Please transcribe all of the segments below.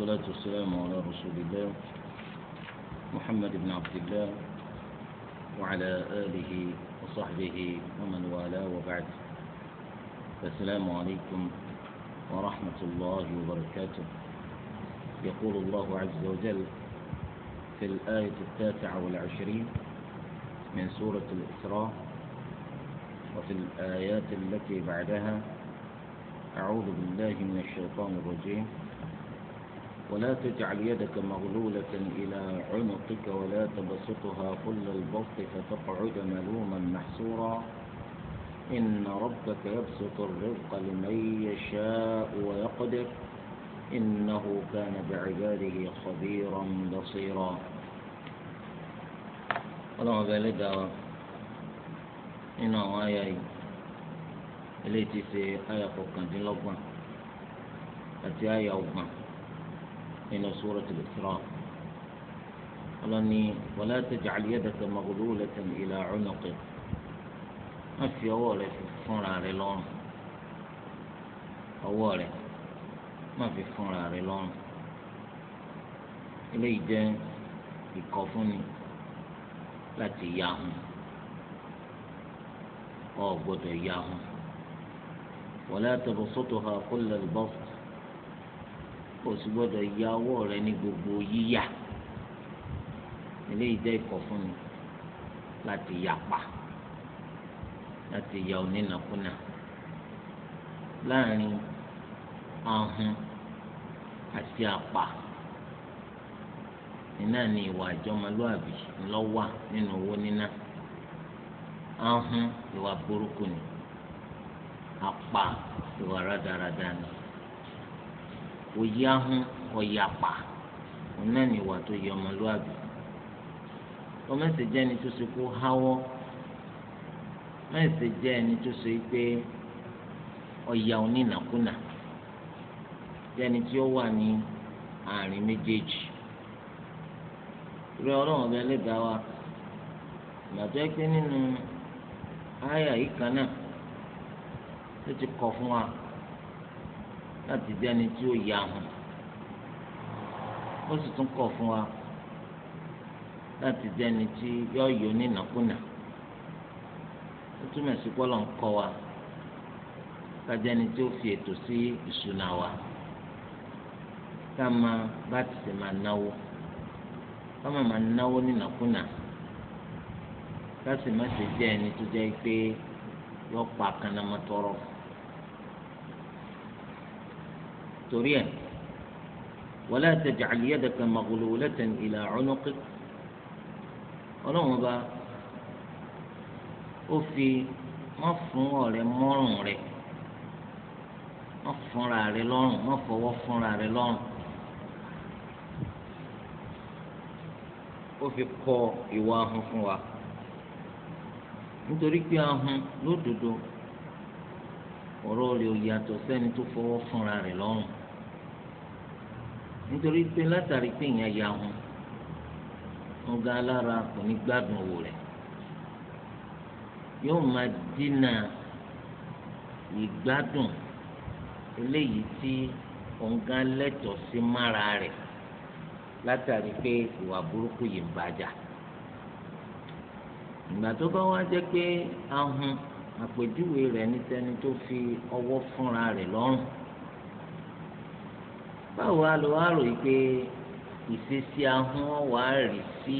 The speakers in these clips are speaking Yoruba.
والصلاة والسلام على رسول الله محمد بن عبد الله وعلى آله وصحبه ومن والاه وبعد السلام عليكم ورحمة الله وبركاته يقول الله عز وجل في الآية التاسعة والعشرين من سورة الإسراء وفي الآيات التي بعدها أعوذ بالله من الشيطان الرجيم ولا تجعل يدك مغلولة إلى عنقك ولا تبسطها كل البسط فتقعد ملوما محسورا إن ربك يبسط الرزق لمن يشاء ويقدر إنه كان بعباده خبيرا بصيرا ọlọ́run ọba ẹlẹ́dàá إن nínú التي في yìí eléyìí ti ṣe àyà kọkàndínlọ́gbọ̀n nínú suratul Ikram ọlọ́ni wala taj'al yadaka maghlulatan ila 'unuqik wọ́n fi ọwọ́ rẹ fi fúnra rẹ lọ́rùn ọwọ́ rẹ má fi fúnra rẹ lọ́rùn eléyìí jẹ́ ìkọ̀fúnni láti yá hun ọ gbọ́dọ̀ yá hun wala tabsutha kullal bast. kò sì gbọdọ̀ ya ọwọ́ rẹ ní gbogbo yíyà eléyìí jẹ́ ìkọ̀ fún mi láti yapa láti ya onínàkúnà láàrin ahun àti apá iná ni ìwà àjọmọlúàbí ńlọ́wà nínú owó níná ahun ìwà burúkú ni apá ìwà rádaràda ni kò yáhùn kò yàpà òun náà ní ìwà tó yẹ ọmọlúwàbí ọmọọsẹ jẹ́ ẹni tó ṣe kó háwọ́ mẹsẹ jẹ́ ẹni tó ṣe pé ọyà onínàkúnà jẹ́ ẹni tí ó wà ní àárín méjèèjì rẹ Ọlọ́run ọbẹ lẹdàá wa ìgbàdọ nínú àyà yìí kan náà ti kọ fún wa. láti jẹ́ ẹni tí ó yà hàn ó sì tún kọ̀ fún wa láti jẹ́ ẹni tí yọ yọ nínàkúnà ó túmọ̀ sí pọ́lọ̀ ń wa kájẹ́ ẹni tí ó fi ètò sí ìṣúná wa ká bá ti ṣe máa náwó ká máa náwó nínàkúnà ká sì má torí ẹ̀ wala taj'al yadaka maghlulatan ila 'unuqik ọlọ́run ọba ó fi wọ́n fún ọ̀rẹ́ mọ́rùn rẹ̀ wọ́n fúnra rẹ̀ lọ́rùn wọ́n fọwọ́ fúnra rẹ̀ lọ́rùn ó fi kọ ìwà ahun fún wa nítorí pé ahun lódodo ọ̀rọ̀ rẹ̀ ò yàtọ̀ sẹ́ni tó fọwọ́ fúnra rẹ̀ lọ́rùn nítorí pé látàrí pé èèyàn ya wọn wọn ga alára kò ní gbádùn owó rẹ̀ yóò máa dínà ìgbádùn eléyìí tí òǹgá lẹ́tọ̀ọ́ sí mára rẹ̀ látàrí pé ìwà burúkú yìí ń bàjá ìgbà tó bá wá jẹ́ pé ahun àpèjúwe rẹ̀ ní tẹni tó fi ọwọ́ fúnra rẹ̀ lọ́rùn báwo a lọ wá rò yìí pé ìṣesí ahọ́n wà á rì sí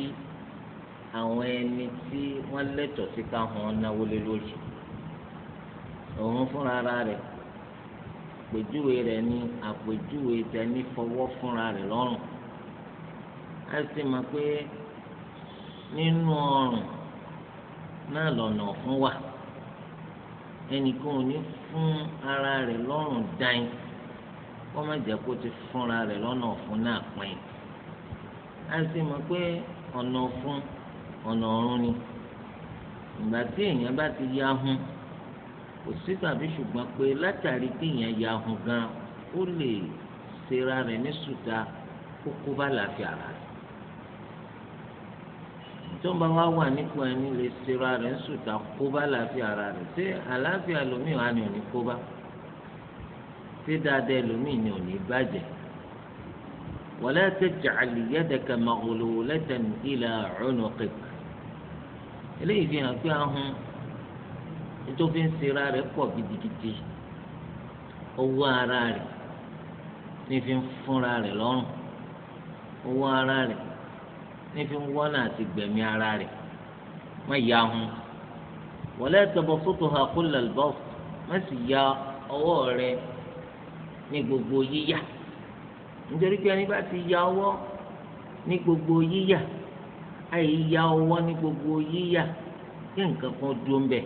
àwọn ẹni tí wọ́n lẹ́tọ̀ọ́ sí káwọn náwó lé lórí òun fúnra ara rẹ̀ àpèjúwe rẹ̀ ní àpèjúwe tẹni fọwọ́ fúnra rẹ̀ lọ́rùn a sì mọ̀ pé nínú ọrùn náà lọ́nà ọ̀fun wà ẹnìkan ò ní fún ara rẹ̀ lọ́rùn dáin kó má jẹ́ kó ti fúnra rẹ̀ lọ́nà ọ̀fun náà pín a sì mọ̀ pé ọ̀nà ọ̀fun ọ̀nà ọ̀run ni ìgbà tí èèyàn bá ti ya hun kò sí tàbí ṣùgbọ́n pé látàrí pé èèyàn ya hun gan ó lè ṣera rẹ̀ ní sùdá kókó bá làáfíà rà tó ń bá wá wà nípò ẹni lè ṣera rẹ̀ ní sùdá kó bá làáfíà rà rẹ̀ ṣé àlàáfíà lómi ò á ní òní kó bá tí dáadáa ẹlòmíì ni ò ní bàjẹ́ wala taj'al yadaka maghlulatan ila 'unuqik eléyìí fi hàn pé ahun nítorí ń sera rẹ̀ pọ̀ gidigidi owó ara rẹ̀ ní fi ń fúnra rẹ̀ lọ́rùn owó ara rẹ̀ ní fi ń wọ́nà àti gbẹ̀mí ara rẹ̀ má ya hun wala tabsutuha kullal bast má sì ya ọwọ́ rẹ̀ ní gbogbo yíyà nítorí pé ẹni bá ti ya ọwọ́ ní gbogbo yíyà àyè ya ọwọ́ ní gbogbo yíyà kí nǹkan kan dúró ń bẹ̀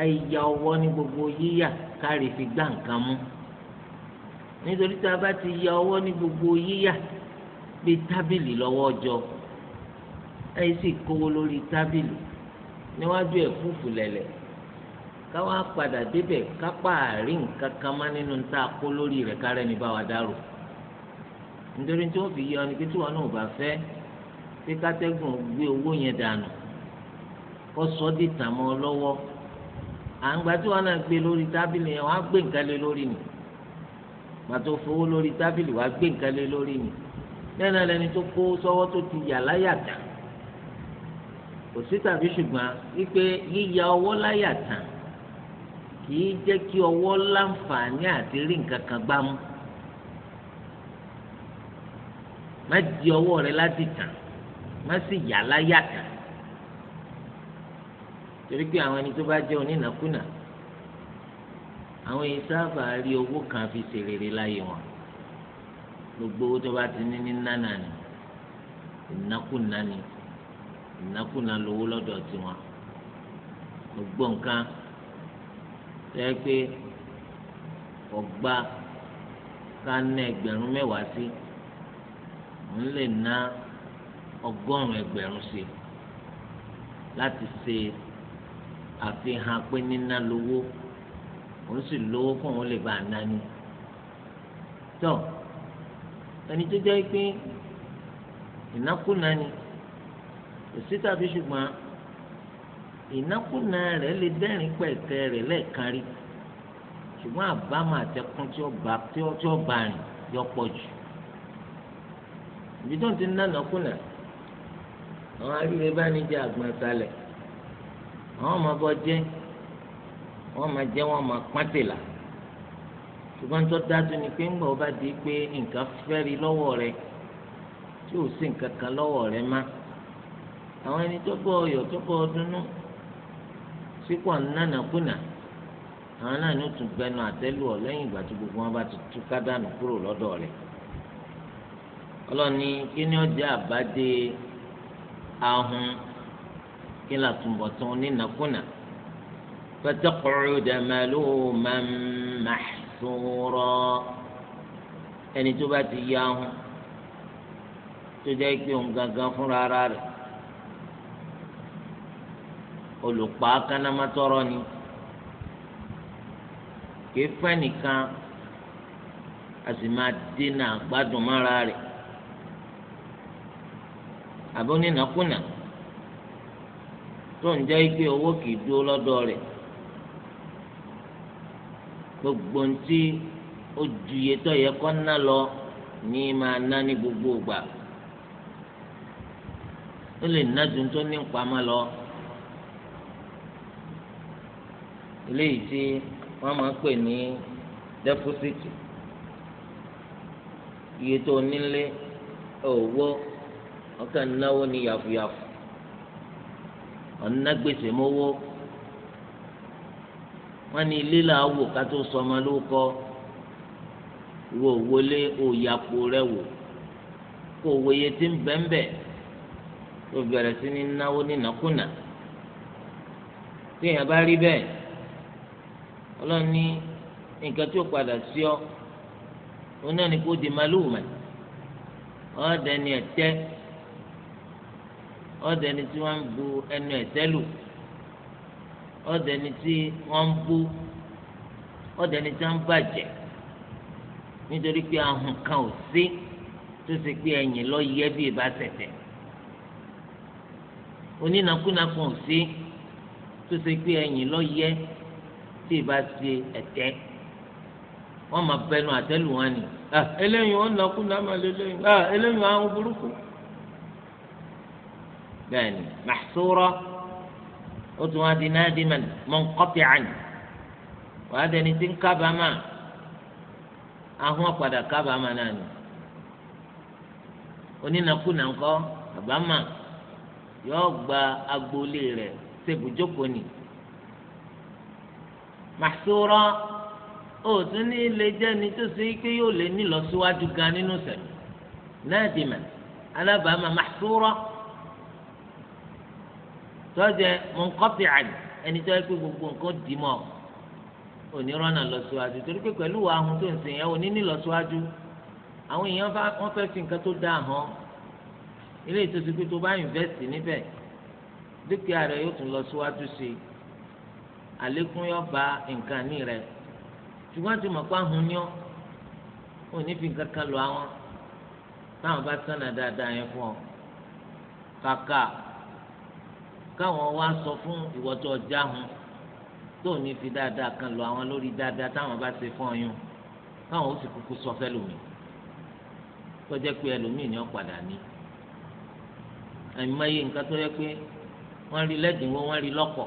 àyè ya ọwọ́ ní gbogbo yíyà kárì fi gbá nǹkan mú nítorí tá a bá ti ya ọwọ́ ní gbogbo yíyà bí tábìlì lọ́wọ́ jọ àyè sì kówó lórí tábìlì níwájú ẹ̀ fúfú lẹ̀lẹ̀ káwá padà débẹ̀ kápá àrí nǹkan má nínú tá kó lórí rẹ̀ kárẹ́ ní dárò nítorí tí wọ́n fi yọ ni pé wọn náà bá fẹ́ pé kátẹ́gùn gbé owó yẹn dànù kó sọ dé tàmọ́ lọ́wọ́ à ń gba tí wọn náà gbé lórí tábìlì yẹn wọn á gbé nǹkan lé lórí ni pàtó fowó lórí tábìlì wọn á gbé nǹkan lé ni tó kó sọ́wọ́ ti yà kì í jẹ́ kí ọwọ́ láǹfààní àti rí nǹkan kan gbá mú má di ọwọ́ rẹ láti tàn má sì yà láyà tàn torí pé àwọn ẹni tó bá jẹ́ onínàkúnà àwọn èyí sábà rí owó kan fi ṣèrèrè láyé wọn gbogbo owó tó bá ti ní ní nánà ni ìnákúnà ni ìnákúnà lówó lọ́dọ̀ tiwọn gbogbo nǹkan jẹ́ pé ọgbà ká ná ẹgbẹ̀rún mẹ́wàá sí ń lè ná ọgọ́rùn-ún ẹgbẹ̀rún sí láti ṣe àfihàn pé níná lówó òun sì lówó kó òun lè bá a nání. tó ẹni tó jẹ́ pé ìnákúnání kò sí tàbí ṣùgbọ́n. ìnákúnà rẹ̀ lè dẹ́rìn pẹ̀kẹ́ rẹ̀ lẹ́ẹ̀kan rí ṣùgbọ́n àbámu àtẹkùn tí ọba tí ọba rìn yọ pọ̀ jù ibi tó ń ti àwọn aríire bá ní jẹ àwọn ọmọ jẹ́ Wọn máa jẹ́ wọn máa pátìlà tó dájú ni pé ńgbà ó bá di pé nǹkan lọ́wọ́ rẹ tí àwọn ẹni tó gbọ́ ọyọ̀ tí kò nánà kùnà àwọn náà ní tún gbẹnu àtẹ́lù ọ lẹ́yìn ìgbà tí gbogbo wọn bá ti túká dànù kúrò lọ́dọ̀ rẹ̀ ọlọ́ni kí ni ọjà àbádé ahun kí ni àtúbọ̀tán onínàkúnà fataquda maluman mahsura ẹni tó bá ti yá ahun tó jẹ́ pé òun gangan fúnra rẹ̀. olùpá kánámátọ́rọ́ ni kì í fẹ́ nìkan a sì máa dínà gbádùn mára rẹ̀ àbí onínàkúnà tó ń jẹ́ pé owó kì í dúró lọ́dọ̀ rẹ̀ gbogbo ntí ó ju iye tó yẹ kó ná lọ ní máa ná ní gbogbo ìgbà ó lè ná ju tó ní pamọ́ lọ. eléyìí tí wọ́n máa ń pè ní iye tó nílé owó ọkàn náwó ní yàfùyàfù ọ̀nà gbèsè mówó wọ́n ní ilé là ká tó sọmọ lóko wò wọlé òyàpò rẹ wò kó wòye tí ń bẹ́ńbẹ́ tó bẹ̀rẹ̀ sí ní náwó nínàkúnà tí èèyàn bá rí bẹ́ẹ̀. ọlọ́run ní nǹkan tí ó padà sí ọ òun náà ní kó di màlúù mẹ́ ọ̀ọ́dẹ ni ẹ̀tẹ́ ọ̀ọ́dẹ ni tí wọ́n ń bu ẹnu ẹ̀tẹ́ lù ọ̀ọ́dẹ ni tí wọ́n ń bú ọ̀ọ́dẹ ni tí wọ́n ń bàjẹ́ nítorí pé ahùn kan ò sí tó ṣe pé ẹ̀yìn lọ yẹ bí ìbá tẹ̀tẹ̀ onínàkúnà ò sí tó ṣe pé ẹ̀yìn lọ yẹ tí ì bá ṣe ẹ̀tẹ́ wọ́n máa bẹnu àtẹ́lù wọn ni eléyìí wọn nàkú nàmà lélẹ́yìn eléyìí àwọn burúkú bẹ́ẹ̀ni mahsura ó tún wá di nadiman munqati'an wàá dẹni tí ń kábàámà ahọ́n padà kábàámà náà ni onínàkúnà ńkọ́ àbámà yóò gba agboolé rẹ̀ ṣèbùjókòó ni màṣúrọ òtún ní ilé jẹ́ ni tó ṣe pé yóò lè ní lọ́síwájú gan nínú sẹ̀mí náà dìmọ alábàámà màṣúrọ tọjẹ mọnkọpì àlè ẹni tó yẹ pé gbogbo nǹkan dì mọ́ onírọ́nà lọ́síwájú torí pé pẹ̀lú ahun tó ń sìn yẹn òní ní lọ́síwájú àwọn èèyàn wọn fẹ́ fi nǹkan tó dáa hàn ilé ìtòsí pé tó bá invest níbẹ̀ dúkìá rẹ̀ yóò tún lọ síwájú sí i àlékún yọ ba nǹkan ní rẹ ṣùgbọ́n tí mo pa hun ni ọ́ ò ní fi nǹkan kan lọ àwọn táwọn bá sànà dáadáa yẹn fún ọ kàkà káwọn wá sọ fún ìwọ́tọ̀ ọjà hun tó ní fi dáadáa kan lọ àwọn lórí dáadáa táwọn bá ṣe fún ọyún káwọn ó sì kúkú sọ fẹ́ lómi tó pé ẹlòmíì ni ó padà ní àìmọye nǹkan tó yẹ pé wọ́n rí lẹ́dínwó wọ́n rí lọ́pọ̀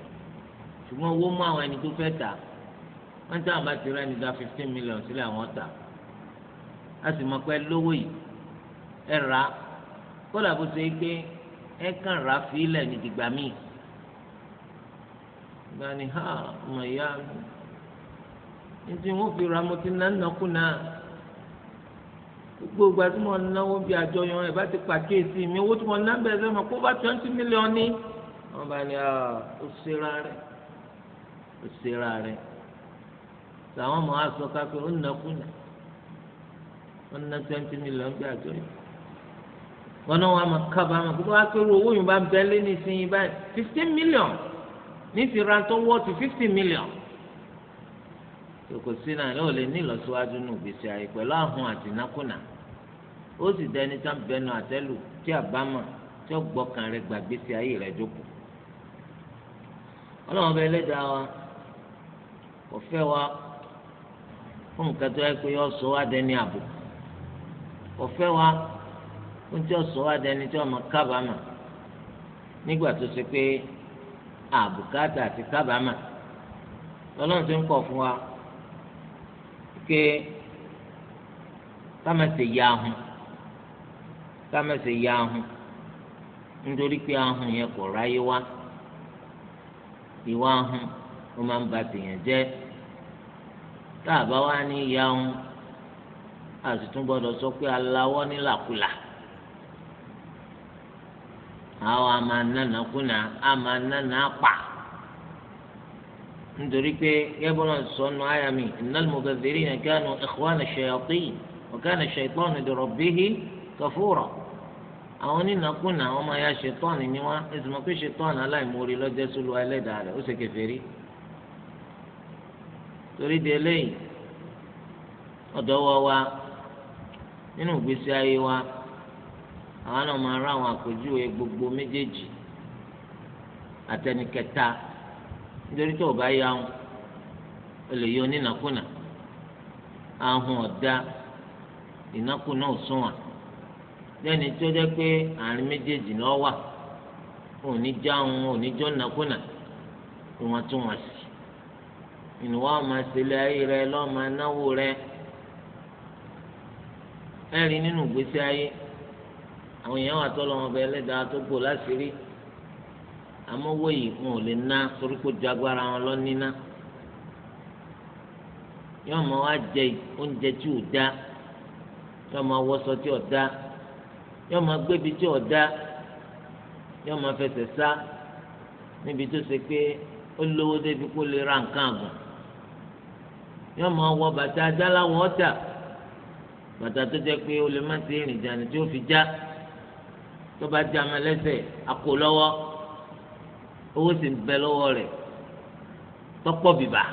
ṣùgbọ́n owó mú àwọn ẹni tó fẹ́ tà wọ́n ní táwọn bá ti rẹ́ni gba fifteen million sílẹ̀ àwọn tà á sì mọ pé lówó yìí ẹ rà á kódà bó ṣe gbé ẹ kàn rà á fílẹ̀ ní dìgbà míì ìgbà ni ha ọmọ ìyá mi ní tí wọ́n fi ra mo ti ná nàkúnà gbogbo àti mo náwó bíi àjọyọ̀ ẹ̀ bá ti pàkíyèsí mi owó tí mo ná bẹ̀rẹ̀ sẹ́wọ̀n kó bá twenty million ní wọ́n bá ní ọ ṣe rárẹ̀ òṣèrà rẹ sàwọn ọmọ asọ kápẹ ó nàkúnà wọn ná twenty million bí àjọ yìí wọn náà wọn a máa kábàámọ̀ kó wá pẹ̀lú owó yìí bá ń bẹ́lẹ́ nísìnyí báyìí fifteen million ní ti ra tó wọ́ ti fifty million kò sí náà yóò lè ní ìlọsíwájú nù gbèsè àyè pẹ̀lú ahun àti nákúnà ó sì dẹni tán bẹnu àtẹ́lù tí àbámọ̀ tí ó gbọ́kàn rẹ gbàgbèsè ayé rẹ jókòó ọlọ́run bẹ lẹ́dàá wa. kò fẹ́ wa fún nǹkan tó yẹ pé yọ sọ wá dẹni àbò kò wa fún tí yọ sọ wá dẹni tí ọmọ kábàámà nígbà tó ṣe pé àbùkátà àti ti ya ya nítorí pé yẹn kò ráyé wá ìwà ó tá a bá wá ní yaun a sì tún gbọ́dọ̀ sọ pé aláwọ̀ nílàkulà àwọn a máa nánà kùnà a máa nánà pa nítorí pé yẹ́bọ́n náà sọ nù àyà mi innal mubadhirina kanu ikhwana shayatin wa kana shaytanu li rabbihi kafura àwọn onínàkùnà àwọn ọmọ ya ṣètọ́ọ̀nì ni wọ́n ẹ̀sìn mọ́ pé ṣètọ́ọ̀nì aláìmoore lọ́jọ́ sólù ẹlẹ́dàá rẹ̀ ó ṣe kèfèrí. torí di eléyìí ọ̀dọ́ wa wa nínú ìgbésí ayé wa àwọn náà máa rá àwọn àpèjúwe gbogbo méjèèjì àtẹnikẹta nítorí tó o bá yá wọn o lè yọ onínàkúnà ahun ọ̀dá ìnákúnà òṣùwọ̀n lẹ́ni tó jẹ́ pé àárín méjèèjì náà wà òní jáhun òní jọ́nàkúnà ìwọ̀ntúnwọ̀nsì ìnáwó ọmọ ìṣẹ̀lẹ̀ ayé rẹ lọmọ náwó rẹ ẹrí nínú ìgbésí ayé àwọn èèyàn wà tọ́lọ́ wọn bẹ ẹlẹ́dàá tó gbò láṣìírí àmọ́ owó yìí wọn ò lè ná torí kó wọn lọ níná yóò máa wá jẹ oúnjẹ tí ò dá yóò máa wọṣọ tí ò dá yóò máa gbébi tí ò dá yóò máa fẹsẹ̀ níbi tó ṣe pé ó lówó débi kó lè ra nǹkan àgùn yóò máa wọ bàtà ajá láwọn ọ̀tà bàtà tó jẹ́ pé o lè má ti rìn jàǹdí tí ó fi já tó bá já ma lẹ́sẹ̀ àpò lọ́wọ́ owó sì ń bẹ lọ́wọ́ rẹ̀ tọ́pọ̀ bìbà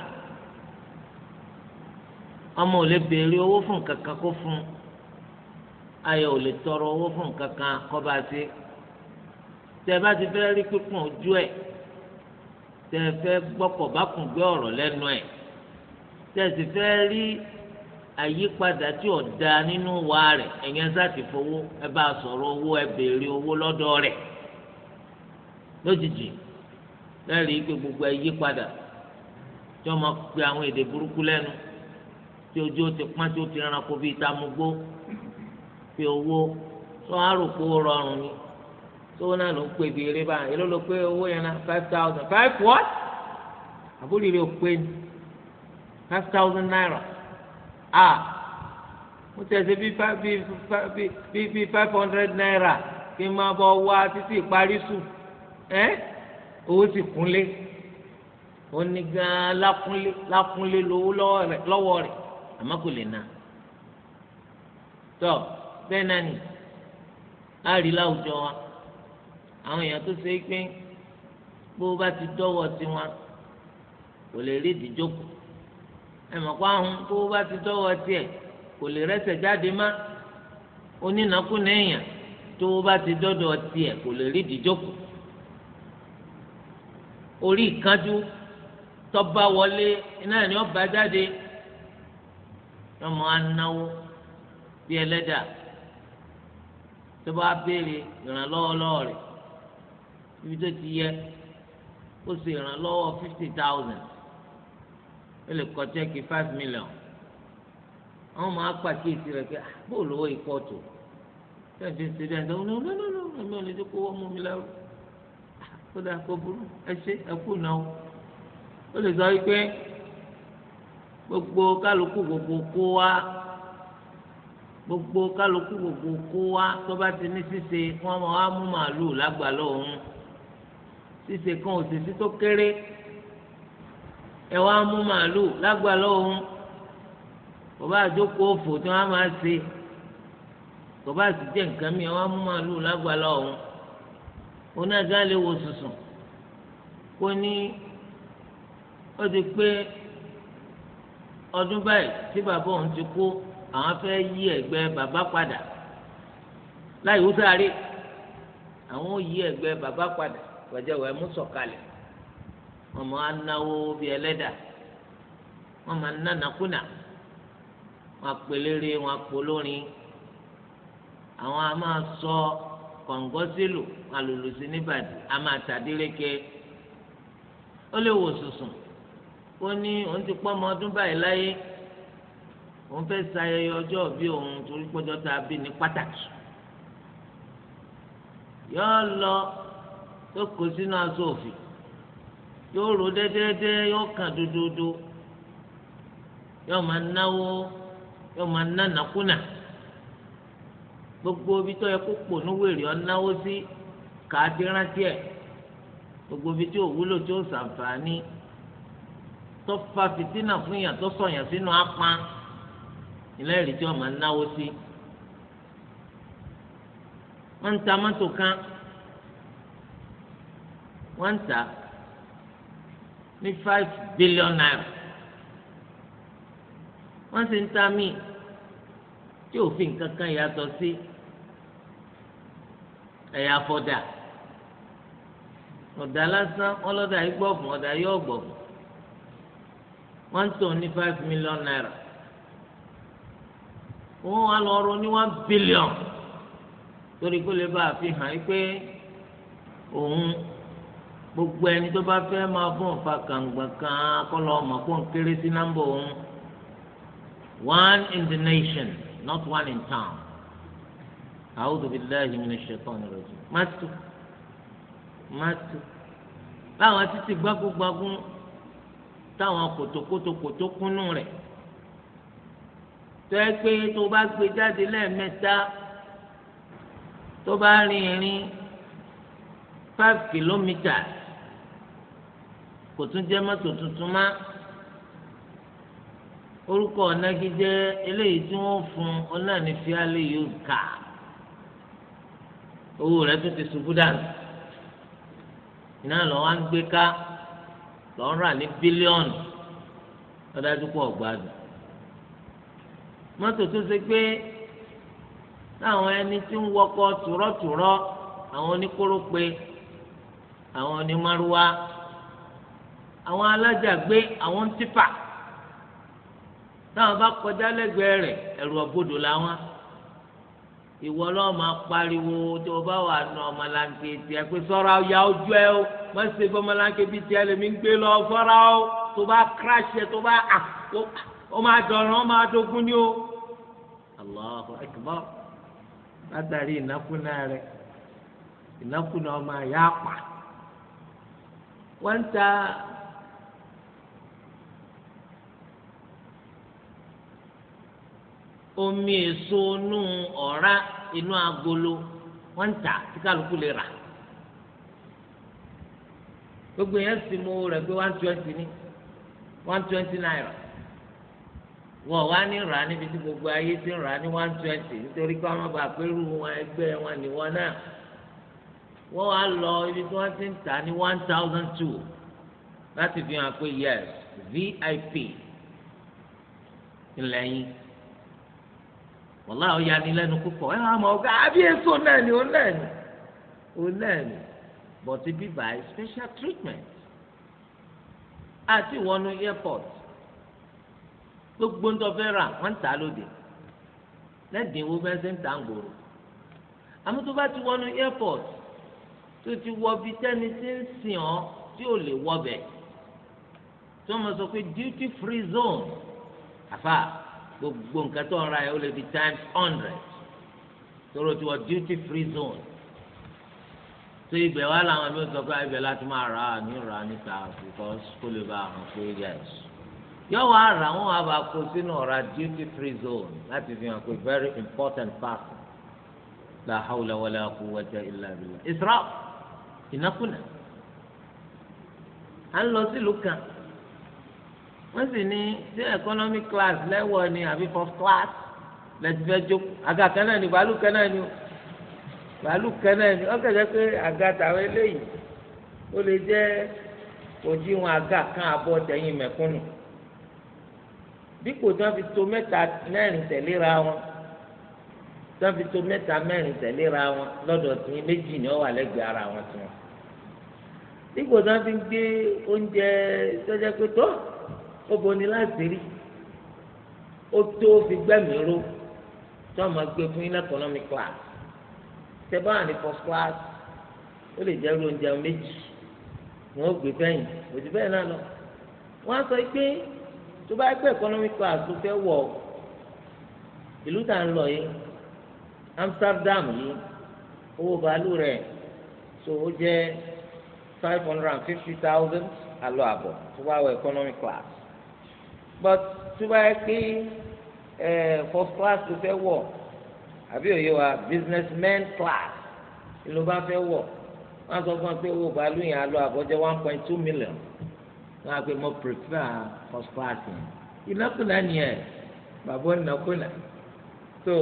ọmọ ò lè béèrè owó fún kankan kó fún ayọ̀ ò lè tọrọ owó fún kankan kọ́ bá sí tẹ bá ti fẹ́ rí pípọ̀n ojú ẹ̀ tẹ fẹ́ gbọ́kọ̀ bá kùn gbé ọ̀rọ̀ lẹ́nu ẹ̀. tẹ̀sí fẹ́ rí àyípadà tí ò da nínú wa rẹ̀ sáti fowó ẹ a sọrọ owó ẹ béèrè owó lọ́dọ̀ rẹ̀ lójijì lẹ́rìí ike gbogbo àyípadà tí wọ́n máa pe àwọn èdè burúkú lẹ́nu tí ojú ó ti pọ́n tí ó ti rán kó bíi tamugbó fi owó tó wọ́n á rò pé ó rọrùn ni tó wọ́n náà ló ń pè bèrè báyìí èló ló pé owó yẹn five what àbúrò five thousand naira ah mo tẹ̀ ṣe bí bí bí five hundred naira kí n máa bọ̀ wá títí ìparí sùn ẹ́ owó sì kúnlé ó ní gan-an lákúnlé lákúnlé lówó lọ́wọ́ rẹ̀ àmọ́ kò lè nà tọ́ bẹ́ẹ̀ náà nì á rí láwùjọ wa àwọn èèyàn tó ṣe é pé bó bá ti dọ́wọ́ sí wọn kò lè rí ìdíjókòó ẹ̀mọ̀pá ọ̀hún tó bá ti tọ́wọ́ tiẹ̀ kò lè rẹ́sẹ̀ jáde má onínàkúnà èèyàn tó bá ti dọ́dọ̀ tiẹ̀ kò lè rí ìdíjókòó orí ìkánjú tọ́ba wọlé náà ni ọba jáde ọmọ anáwó bí ẹlẹ́dà tó bá béèrè ìrànlọ́wọ́ lọ́wọ́ rẹ̀ ibi tó ti yẹ ó sì ìrànlọ́wọ́ fifty thousand. ó lè kọ chẹ́ẹ̀kì five million àwọn máa pàkíyèsí rẹ̀ pé ah, bóòlù owó ikọ̀ tó tẹ̀sí student ọ̀hún ní no no no èmi ò lè dé kó wọ́n mú mi lẹ́rù kó ah, dáa kó burú ẹ ṣe ẹ kú náà ó lè sọ wípé gbogbo kálukú gbogbo kó wá gbogbo kálukú gbogbo kó wá tó bá ti ní ṣíṣe wọn máa wá mú màálù lágbàá lọ́hùn ṣíṣe kan òṣèṣì tó kéré ẹ wá mú màálùú lágbà lọ́wọ́ bàbá àjókòó òfò tí wọ́n á máa ṣe bàbá àti jẹ́ nǹkan mi ẹ wá mú màálùú lágbà lọ́wọ́ onága lè wo sùsùn kó ní ó ti pé ọdún báyìí tí bàbá òun ti kú àwọn fẹ́ yí ẹ̀gbẹ́ bàbá padà láì wúsàárì àwọn ò yí ẹ̀gbẹ́ bàbá padà wàjà wà mú sọ̀kalẹ̀ wọn máa náwó bíi ẹlẹ́dà wọn máa ná nàkúnà wọn apelére wọn apolórin àwọn a máa sọ kọ̀ǹgọ́sílù alùlùsí níbàdí a máa tàdíréke ó lè wò sùsùn ó ní òun ti pọ́ ọmọ ọdún báyìí láyé òun fẹ́ ṣayẹyẹ ọjọ́ bí òun torí pọ́jọ́ tá bí ní pàtàkì yọ lọ tó kó sínú aṣọ òfin. yóò ro dẹ́dẹ́dẹ́ yóò kàn dododo yóò máa náwó yóò máa gbogbo ibi tó yẹ kó pò níwò èrè ọ̀náwó sí kàádé gbogbo ibi tí wúlò tí ó tó fa fìtínà fún yàn tó sọ̀yàn sínú apá ilé ìrì tí wọ́n máa náwó sí. wọ́n ń ní five billion naira wọ́n sì ń ta míì tí òfin kankan yàtọ̀ sí ẹ̀yà fọdà ọ̀dà lásán ọlọ́dà yìí ọ̀dà wọ́n ní five million naira wọ́n wá lọ rọ ní one billion torí kó a fi hàn yí pé gbogbo ẹni tó bá fẹ́ máa bọ̀ nfa kàǹgbọ̀n kan kọ́ kó n kéré sí nọ́mbà òun one in the nation not one in town a'udhu billahi minash shaitanir rajim má tu má tu láwọn títí gbágúgbágún táwọn kòtòkòtòkòtò kúnnú rẹ̀ tó ẹ pé tó bá gbé jáde lẹ́ẹ̀mẹ́ta tó bá rìn five kilometres kò tún jẹ́ mọ́tò tuntun má orúkọ ọ̀nàgídé eléyìí tí wọ́n fún un náà ní fíálì yóò kà owó rẹ̀ tún ti ṣubú dànù iná lọ́ wá ń gbé ká lọ́ rà ní bílíọ̀nù lọ́dájú pọ̀ gbádùn mọ́tò tó ṣe pé táwọn ẹni tí ń wọkọ̀ tùrọ̀tùrọ̀ àwọn oníkórópè àwọn onímárúwá àwọn alájàgbé àwọn ń tìpà táwọn bá kọjá lẹ́gbẹ̀ẹ́ rẹ̀ ẹ̀rù ọ̀bodò làwọn ìwọ náà máa pariwo tó o bá wà nù ọmọlanke tiẹ̀ pé ṣọ́ra ya ojú ẹ o má ṣe fún ọmọlanke bíi tiẹ̀ lèmi ń gbé lọ ṣọ́ra o tó bá crash ẹ tó bá à ó máa dọ̀rùn ó máa dogun ní o Allahu Akbar látàrí ìnákúná rẹ ìnákúná ọmọ àyà pa wọ́n ń ta. omi èso inú ọ̀rá inú agolo wọ́n ń tà tí kálukú lè rà gbogbo yẹn sì mú rẹ̀ pé one twenty ní one twenty naira wọ́n wá ní rà níbi tí gbogbo ayé ti ń rà ní one twenty nítorí kí wọ́n má pẹ́rù wọn ẹgbẹ́ wọn ní wọn náà wọ́n wá lọ ibi tí wọ́n ti ń tà ní one thousand two láti fi hàn pé yes vip ńlẹ́yìn wàlá ó yani lẹ́nu púpọ̀ ẹ máa mọ ọgá àbí ah, èso náà ni ó náà ni ó náà ni but bíbá special treatment àti ìwọnú airport gbogbo ńdọ fẹ́ rà wọ́n ń tà lóde lẹ́dínwó bẹ́ẹ̀ ṣe ń tà ń gbòòrò àmọ́ tó bá ti wọnú airport tó ti wọ bí tẹ́ni tí ń sìn ọ́ tí ò lè wọ bẹ̀ tó mọ̀ sọ pé duty free zone àfà gbogbo nǹkan tó ń ra yẹn ó lè fi times hundred tóró ti duty free zone tó ibẹ̀ wá làwọn ẹbí sọ pé ah, ibẹ̀ láti máa rà á ní rà á níta because kó lè bá àwọn pé yes yọ wá rà wọn wá bá kó sínú ọ̀rá duty free zone láti fi hàn pé very important part la hawla wala quwwata illa billah israf ìnákùnà à ń lọ sílùú kan wọ́n sì ní ṣé economic class lẹ́wọ̀ ni àbí first class lẹ́tí fẹ́ jó àga kan náà ni bàálù kan náà ni bàálù kan náà ni ọ̀kẹ́ jẹ́ pé àga tàwọn eléyìí ó lè jẹ́ òdiwọ̀n àga kan àbọ̀ tẹ̀yìn mẹ̀kúnnù dípò tí wọ́n fi to mẹ́ta mẹ́rin tẹ̀léra wọn tí wọ́n fi to mẹ́ta mẹ́rin tẹ̀léra wọn lọ́dọ̀ tí méjì ni ó wà lẹ́gbẹ̀ẹ́ ara wọn tiwọn dípò tí wọ́n fi gbé oúnjẹ tó pé tó ó boni láti rí ó tó fi gbẹ̀mí ró tí wọ́n máa gbé fún yín economic class tẹ́ bá wà ní first class ó lè jẹ́ oúnjẹ méjì wọ́n gbé bẹ́yìn òtí bẹ́ẹ̀ náà lọ wọ́n á sọ pé tó bá gbé economic class tó fẹ́ wọ̀ ìlú tá à ń lọ yìí Amsterdam yìí owó bàálù rẹ̀ so ó jẹ́ five hundred and fifty thousand alọ àbọ̀ tó bá wọ economic class but tí wọ́n yẹ pé first class ló fẹ́ wọ̀ àbí òye wa businessman class ló bá fẹ́ wọ̀ wọ́n sọ fún ọ pé owó bàálù yẹn á lọ àbọ̀jẹ́ one point two million wọ́n á pè mo prefer first class yẹn ìnákùnà nìyẹn bàbá ìnákùnà so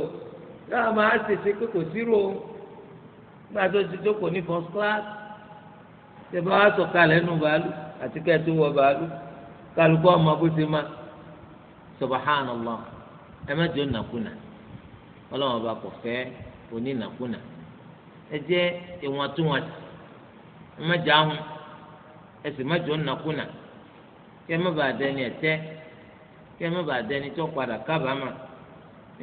yàrá máa ṣèṣe pé kò zero. nígbà tó ti jókòó ní first class ṣe bá wàá sọ̀kalẹ̀ nù bàálù àti kẹ́ẹ̀tù wọ bàálù kálukú ọmọ bó ṣe máa. Allah, ẹ má jẹ́ onínàkúnà ọlọ́run ọba kò fẹ́ onínàkúnà ẹ jẹ́ ìwọ̀ntúnwọ̀nsì ẹ má jẹ́ ahun ẹ sì má jẹ́ onínàkúnà kí ẹ má bàa dẹni kí ẹ má bàa dẹni tó padà kábàámà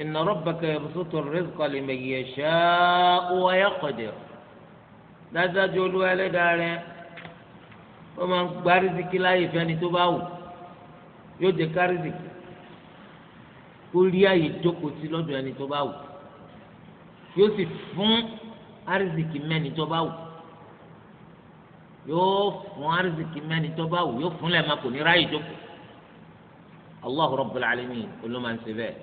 inna rabbaka yabsutu rizqa liman yasha'u wa yaqdir dájúdájú olúwa máa ń fẹ́ni tó bá wù yóò jẹ kó rí àyè jókòó sí lọ́dọ̀ ẹni tó bá wù yóò sì fún arizikì mẹ́ni tó bá wù yóò fún arizikì mẹ́ni tó bá wù yóò fún lẹ́ẹ̀ma kò ní ráyè jókòó Allahu Rabbul Alamin olómàǹsì bẹ́ẹ̀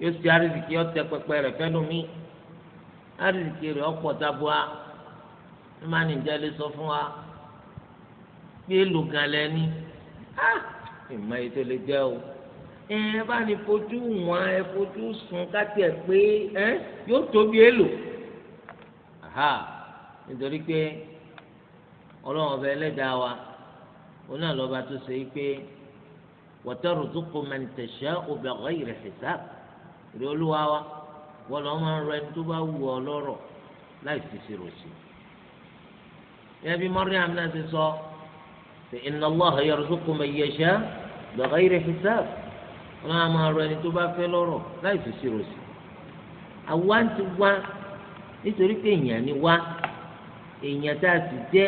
yóò sì arizikì ọ̀tẹ pẹpẹ rẹ̀ fẹ́ lómi arizikì rẹ̀ ọ̀pọ̀ tabua ẹ má nìjẹ́ lè sọ fún wa pé lògàn lẹ́ni ah ìmọ̀ ètò lè jẹ́ o ẹ bá ní fojú wọn ẹ fojú sùn káti ẹ pé ẹ yóò tóbi ẹ lò nítorí pé ọlọ́run ọba ẹlẹ́dàá wa òun náà lọ́ba tó ṣe é pé watarzuqu man tasha'u bighayri hisab rí olúwa wa wọ́n lọ́ máa ń rọ ẹni tó bá wù ọ lọ́rọ̀ láì fi sí i. yẹ́n bí Maryam náà ti sọ inna Allaha yarzuqu man yasha'u bighayri hisab. wọn ama máa rọ ẹni tó bá fẹ́ lọ́rọ̀ láì fi àwa ti wá nítorí pé èèyàn ni wá èèyàn tá a ti jẹ́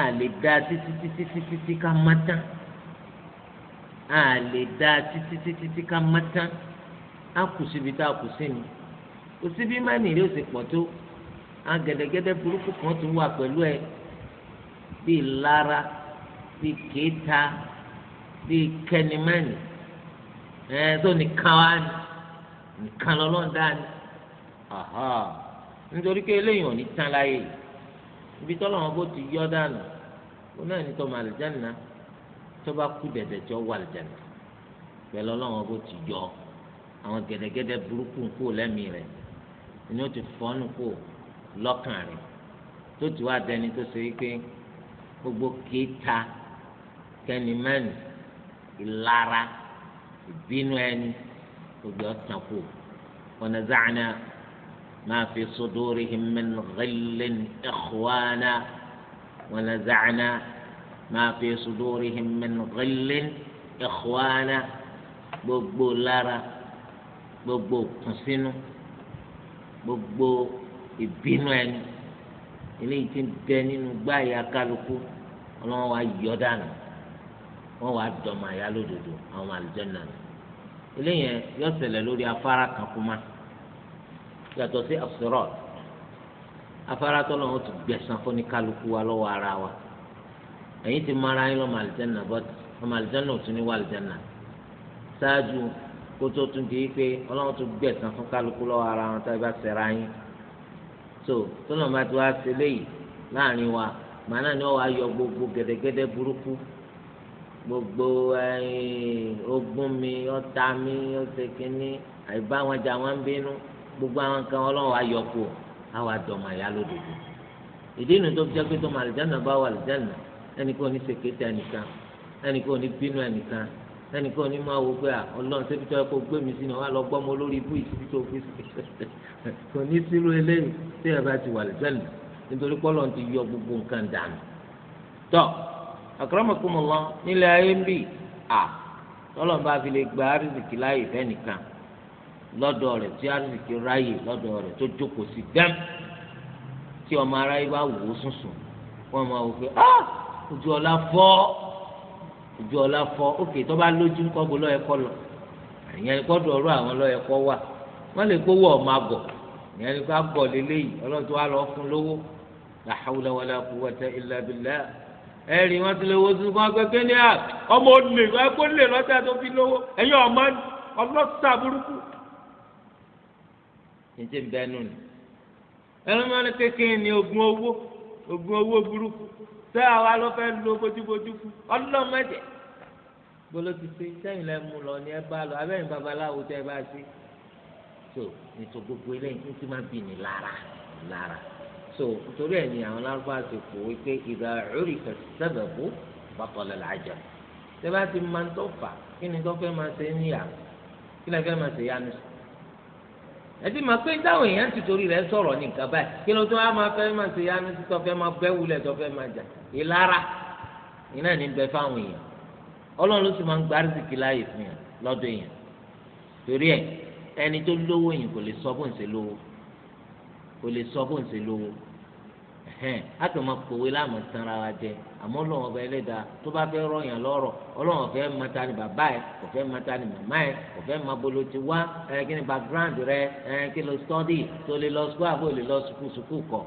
a lè da títí títí títí tí ká má tán a lè da títí títí tí ká má tán a kù síbi tá a kù sí ni kò síbi má nìyí ó sì pọ̀ tó a gẹ́dẹ́gẹ́dẹ́ burúkú kan wà pẹ̀lú ẹ bíi lára bíi kéta ẹ tó nìkan wá ní nìkan lọ́lọ́run dá ní nítorí pé eléyìí ò ní tán láyé ibi tọ́lọ́wọ́n bó ti yọ dànù ó náà ní tọ́mọ àlìjáná tó bá kú dẹ̀dẹ̀ tí ó wà àlìjáná pẹ̀lú ọlọ́wọ́n bó ti yọ àwọn gẹ́dẹ́gẹ́dẹ́ burúkú kó lẹ́mìí rẹ̀ ni ó ti fọ́nù kó lọ́kàn rẹ̀ tó ti wá dẹni tó ṣe wípé gbogbo kéta kẹ́ni ìlara ìbínú ẹni òbí ọ̀tàn kù ọ̀nà zàánà máa fi sudurihim min ghillin ikhwana ọ̀nà zàánà máa fi sudurihim min ghillin ikhwana gbogbo lára gbogbo kùnsínú gbogbo ìbínú ẹni eléyìí ti bẹ nínú gbáàyà kálukú ọlọ́wọ́ wa dànù wọn wàá dọmọ àyà lódodo àwọn àlùjànnà eléyẹn yóò ṣẹlẹ̀ lórí afárá kan kuma yàtọ̀ sí as-sirat afárá tó lọ́wọ́ ti gbẹ̀san fún ní kálukú wa lọ́wọ́ ara wa ẹ̀yin ti mara yín lọ́mọ àlùjànnà bọ́t ọmọ àlùjànnà ò tún ní wà àlùjànnà ṣáájú kó tún di pé ọlọ́wọ́ tún gbẹ̀san fún kálukú lọ́wọ́ ara wọn tá a yín so tó lọ́mọ bá ti wá ṣe léyìí láàrin wa màánà ni wọ́n wá yọ gbogbo gẹ́dẹ́gẹ́dẹ́ burúkú gbogbo ogun mi ọ̀tá mi ọ̀sẹ̀ kínní àìbá wọn jà wọn ń bínú gbogbo àwọn kan ọlọ́run ayọ̀kù àwọn àdọ̀mọ̀ àyà lódodo ìdí inú tó jẹ́ pé tó máa àlùjáná bá wà àlùjáná ẹnì kan ní sèkéte ẹnìkan ẹnì kan ní bínú ẹnìkan ẹnì kan ní máa wo pé à ọlọ́run ṣébi tó yẹ kó gbé mi sí ni wọ́n á lọ gbọ́ mọ lórí ibú ìsibí tó fi kò ní sírú eléyìí tí ẹ bá ti wà àlùjáná nítorí pé ọlọ́run ti yọ gbogbo nǹkan dànù tọ́ akramakumullah nílẹ̀ ayé ń bì à tọ́lọ̀ bá fi lè gba arizikì láàyè fẹ́nìkan lọ́dọ̀ rẹ̀ tí arizikì ráàyè lọ́dọ̀ rẹ̀ tó jókòó sí dẹ́m tí ọmọ aráyé bá wò ó sùnsùn wọ́n máa wò pé ah ojú ọlá fọ́ ojú ọlá fọ́ òkè tó bá lójú ńkọ́ bó lọ́yẹ kọ́ lọ ìyẹn gbọ́dọ̀ ọ̀rọ̀ àwọn lọ́yẹ kọ́ wà wọ́n lè gbówó ọmọ àgọ̀ ìyẹn ní ká gbọ̀ lélẹ́yìí ọlọ́tún wa lọ fún lówó la hawla wala quwwata ẹ̀rì wọn ti lè wo sùn fún agbẹ́gbẹ́ ní à ọmọ olè ẹgbẹ́ olè lọ́jà tó fi lówó ẹ̀yin ọmọ ọlọ́sà burúkú. níjẹ́ ń bẹ́ẹ̀ nù ni ẹlẹ́mọ̀ọ́ni kékeré ni ogun owó ogun owó burúkú tẹ́ àwa ló fẹ́ lo bójúbójú fún ọlọ́mọdé gbọ́dọ̀ ti pé sẹ́yìn lẹ́ mú lọ ni ẹ bá lọ abẹ́yìn babaláwo tẹ́ ẹ bá sí. tó ètò gbogbo eléyìí ti máa bì ní lára lára so nítorí ẹ̀ ní àwọn lárúbáwá ti kó wípé ìdá òrìkà sábàbù bàtọ̀lẹ̀ làjà tẹ́lá ti máa ń tọ́fà kí ni tó fẹ́ máa ṣe ní yà kí ni fẹ́ máa ṣe yánu sí. ẹtí máa pé táwọn èèyàn ti torí rẹ̀ sọ̀rọ̀ ní nǹkan báyìí kí ló tó wá máa fẹ́ máa ṣe yánu sí tó fẹ́ máa bẹ́ wulẹ̀ tó fẹ́ máa jà ìlara iná ní bẹ fáwọn èèyàn ọlọ́run ló sì máa ń gbárùsìkì láàyè fún yàn lọ́dọ̀ èèyàn torí ẹ̀ ẹni tó lówó yìí kò lè sọ bó ń ṣe lówó kò lè sọ bó ń ṣe lówó ẹhẹn àti ọmọ pòwe láàmú sanra wa jẹ àmọ́ Ọlọ́run ọba Ẹlẹ́dàá tó bá fẹ́ rọyàn lọ́rọ̀ Ọlọ́run ọfẹ mọta ni bàbá ẹ ọfẹ mọta ni màmá ẹ ọfẹ mọ bolo ti wá ẹ kí ni background rẹ ẹ kí lo study tó lè lọ sukú àbò lè lọ sukú sukú kọ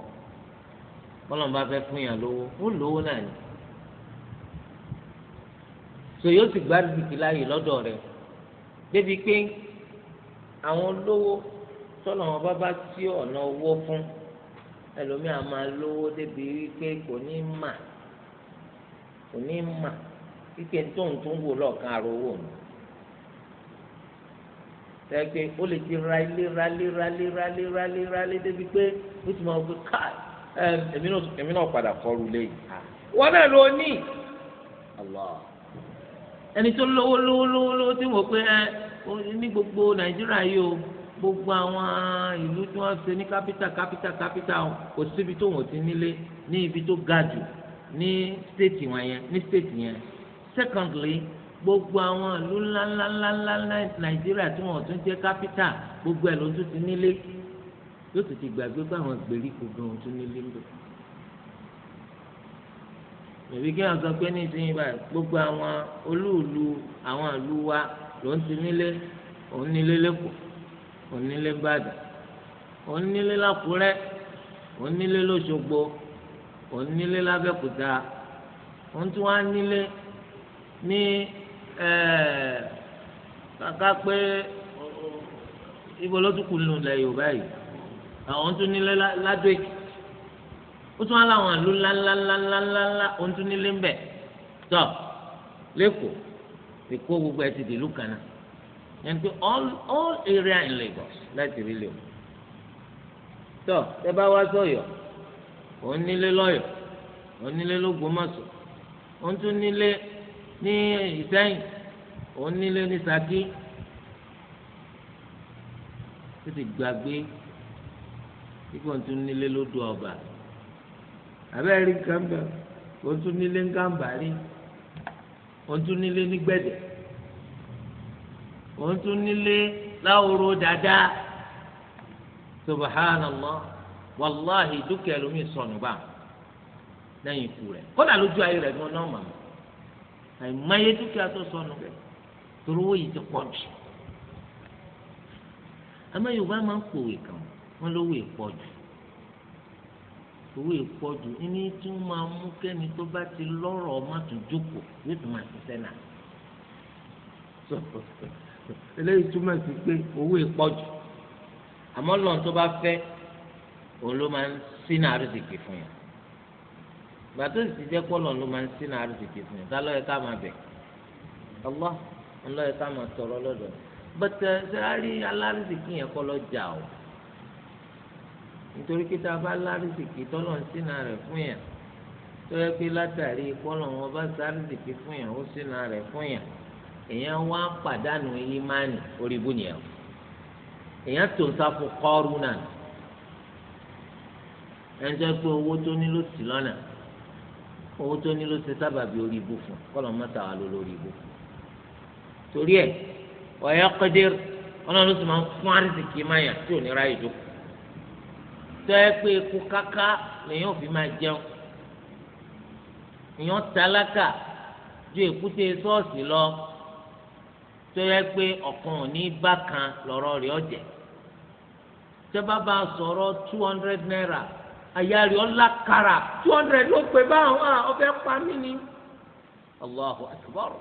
Ọlọ́run bá fẹ́ fún yàn lówó ó lówó náà ni so yóò sì gbádùn ti láàyè lọ́dọ̀ rẹ débi pé àwọn olówó tọ́lọ̀ bá bá tí ọ̀nà owó fún ẹlòmíì a máa lówó débi wípé kò ní mà kò ní mà wípé tóun tó ń wò lọ́ọ̀kan rali rali tẹ́gbẹ́ ó lè ti ra ilé ra ilé ra ilé ra ilé ra ilé ra ilé débi pé ti máa gbé èmi náà padà kọrù léyìí ah. náà ní mo pé ẹ ní gbogbo o. gbogbo àwọn ìlú tí wọ́n ṣe ní kápítà kápítà kápítà kò síbi tó wọ́n ti nílé ní ibi tó ga jù ní stéètì wọn yẹn ní stéètì yẹn secondly gbogbo àwọn ìlú ńláńláńláńlá nàìjíríà tí wọ́n tún jẹ́ kápítà gbogbo ẹ̀ ló tún ti nílé yóò tún ti gbàgbé pé àwọn gbèríko gan tún nílé ńlò èmi kí wọn sọ pé ní ìsinyìí báyìí gbogbo àwọn olúùlú àwọn ìlú wa ló ń ti nílé òun nílé lẹ́kọ̀ọ́ onílé gbàdà onílé lákúrẹ́ onílé lóṣogbo onílé lábẹ́kúta wọ́n tún wá nílé ní kàkà pé ibo ló tún kù nù lẹ̀ yorùbá yìí àwọn tún nílé ládó èkì ó tún wá láwọn ìlú ńláńláńláńláńlá òun tún nílé ń bẹ̀ tọ́ lẹ́kọ̀ọ́ èkó gbogbo ẹ̀ ti dìlú kan náà and all all area in Lagos láti rí lèmọ tó ẹ bá wá sọyọ òun nílé lọyọ òun nílé lÓgbómọ̀ṣọ́ òun tún nílé ní Ìṣẹ̀yìn òun nílé ní Ṣakí ó ti gbàgbé kíkọ́ tún nílé lódò ọba abẹ́rẹ́ rí kàmbá òun tún nílé ń kàmbá rí òun tún nílé ní gbẹ̀dẹ̀. òun tún nílé láwòrò dada subhanallah wàláhì dúkìá lómi sọnù bá ikú rẹ̀ kódà lójú ayé rẹ̀ gan náà mà àìmáyé dúkìá tó sọnù torí owó ti pọ̀ jù àmọ́ yorùbá máa ń kan wọ́n lówó jù owó jù máa mú kẹ́ni tó ti lọ́rọ̀ jókòó yóò tún máa ṣiṣẹ́ náà. eléyìí túmọ̀ sí pé owó ìpọ̀ jù àmọ́ lọ́n tó bá fẹ́ òun ló máa ń sínú àrísìkì fún yàn gbàtó sì jẹ́ pé lọ́n ló máa ń sínú àrísìkì fún yàn tá lọ́yẹ ká máa bẹ̀ ọlọ́ ọlọ́yẹ ká máa tọrọ lọ́dọ̀ bẹ́tẹ̀ sẹ́rárí alárísìkì yẹn kọ́ lọ jà o nítorí kí tá a bá lárísìkì tọ́lọ̀ ń sínú rẹ̀ fún yàn tó yẹ pé látàrí pọ́lọ̀ wọn bá sárísìkì fún yàn ó sínú rẹ̀ fún yàn èèyàn wá pàdánù ìmánì orí ibú nìyẹn èèyàn tó ń sáfù kọ́ọ́rù náà ẹni tó ń pé owó tó ní ló sì lọ́nà owó tó ní ló ṣe sábàbí orí ibú fún kọ́lọ̀ mọ́ta wà lórí ibú fún torí ẹ̀ ọ̀yà kọ́dẹ́rì ọlọ́run sì máa ń fún àrísìkì máyà tí ò ní ráyè jókòó tó ẹ pé eku káká lèyàn fi máa jẹun èèyàn tálákà ju èkúté ṣọ́ọ̀ṣì lọ. tó yẹ pé ọ̀kan ò ní bá kan lọ́rọ̀ rẹ̀ ọ̀jẹ̀ tẹ́bá bá sọ̀rọ̀ two hundred naira ayáàrí ọ̀la kara two hundred ló pè báwọn ọbẹ̀ ah, pa mí ni Allahu akbar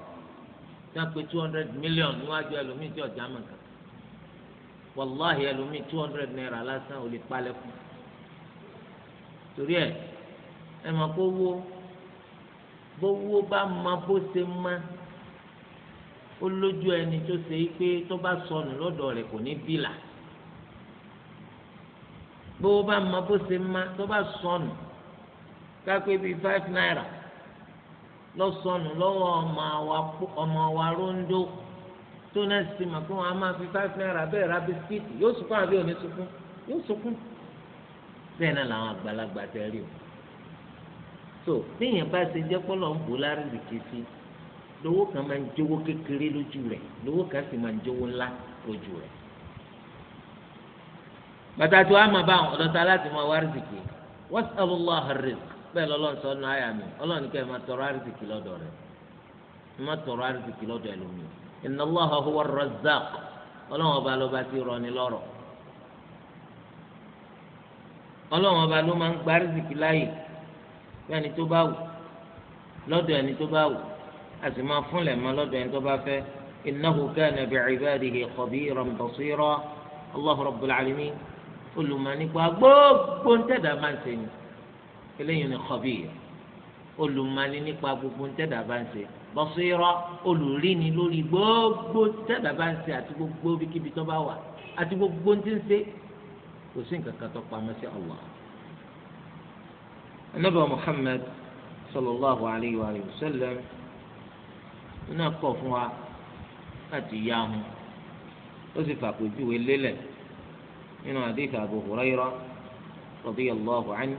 tí wọ́n pe two hundred million níwájú ẹlòmíì tí ọ̀já mọ̀ kan wàláhì ẹlòmíì two hundred naira lásán ò lè palẹ̀ kù torí ẹ ẹ mọ̀ kó wó bó wó bá ma bó ṣe máa. ó lójú ẹni tó ṣe é pé tó bá sọnù lọ́dọ̀ rẹ̀ kò ní bìlà bó bá mọ bó ṣe má tó bá sọnù kápé bíi five naira lọ sọnù lọ́wọ́ ọmọ wa rondo tó náà sì mọ̀ pé wọ́n á máa fi five naira bẹ́ẹ̀ ra bisikíìtì yóò sunkún àbí òní sunkún yóò sunkún bẹ́ẹ̀ náà làwọn àgbàlagbà tẹ́ rí o tó níyẹn bá ṣe jẹ́ pọ́lọ́ ń bò lárìbìkì sí i lówó kan máa ń jówó kékeré lójú rẹ̀ lówó kan sì máa ń jówó ńlá lójú rẹ̀ pàtàkì wa máa bá àwọn ọ̀dọ́ta láti máa wá rìsìkì wọ́n sì ọ̀bùn lọ́wọ́ àrìsìkì bẹ́ẹ̀ lọ́lọ́run sọ ọ́nà àyà mi ọlọ́run kẹ́ ẹ̀ máa tọrọ àrìsìkì lọ́dọ̀ rẹ̀ ẹ̀ máa tọrọ àrìsìkì lọ́dọ̀ ẹlòmíì inna Allaha huwa ar-razzaq ọlọ́run ọba lọ́ba ti rọni lọ́rọ̀ ọlọ́run ọba ló máa ń a sì máa fúnlẹ̀ mọ́ lọ́dọ̀ ẹni tó bá fẹ́ innahu kana bi'ibadihi khabiran basira Allahu rabbul alamin olùmọ̀nípa gbogbo ń tẹ̀dá máa ń ṣe ni eléyìí ni khabir olùmọ̀ní nípa gbogbo ń tẹ̀dá bá ń ṣe basira olùríni lórí gbogbo tẹ̀dá bá ń ṣe àti gbogbo bíkíbi tó bá wà àti gbogbo ń ti ń ṣe kò sí nǹkan kan tó pamọ́ sí Allah. Ànábì Muhammad sallallahu alayhi wa sallam náà kọ̀ fún wa láti yá wọn ó sì fàpèjúwe lélẹ̀ nínú hadith Abu Hurairah radiyallahu anhu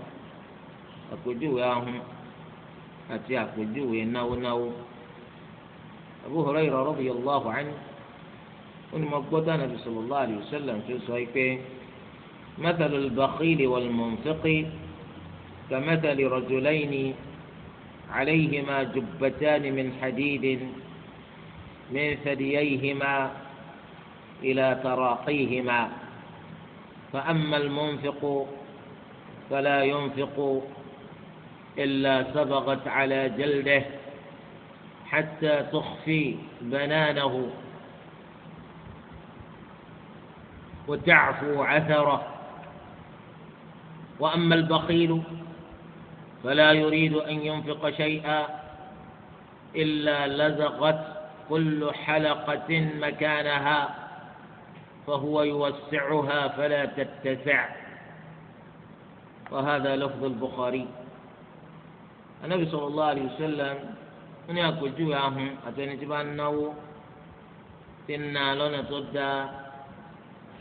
àpèjúwe ahun àti àpèjúwe náwónáwó Abu Hurairah radiyallahu anhu ó ní mo gbọ́ dáná sallallahu alayhi wa sallam tó sọ pé mathalul bakhili wal munfiqi kamathali rajulayni. عليهما جبتان من حديد من ثدييهما إلى تراقيهما فأما المنفق فلا ينفق إلا سبغت على جلده حتى تخفي بنانه وتعفو عثره وأما البخيل فلا يريد أن ينفق شيئا إلا لزغت كل حلقة مكانها فهو يوسعها فلا تتسع وهذا لفظ البخاري النبي صلى الله عليه وسلم من يأكل جواهم أتاني تبان نو تنا لون تودا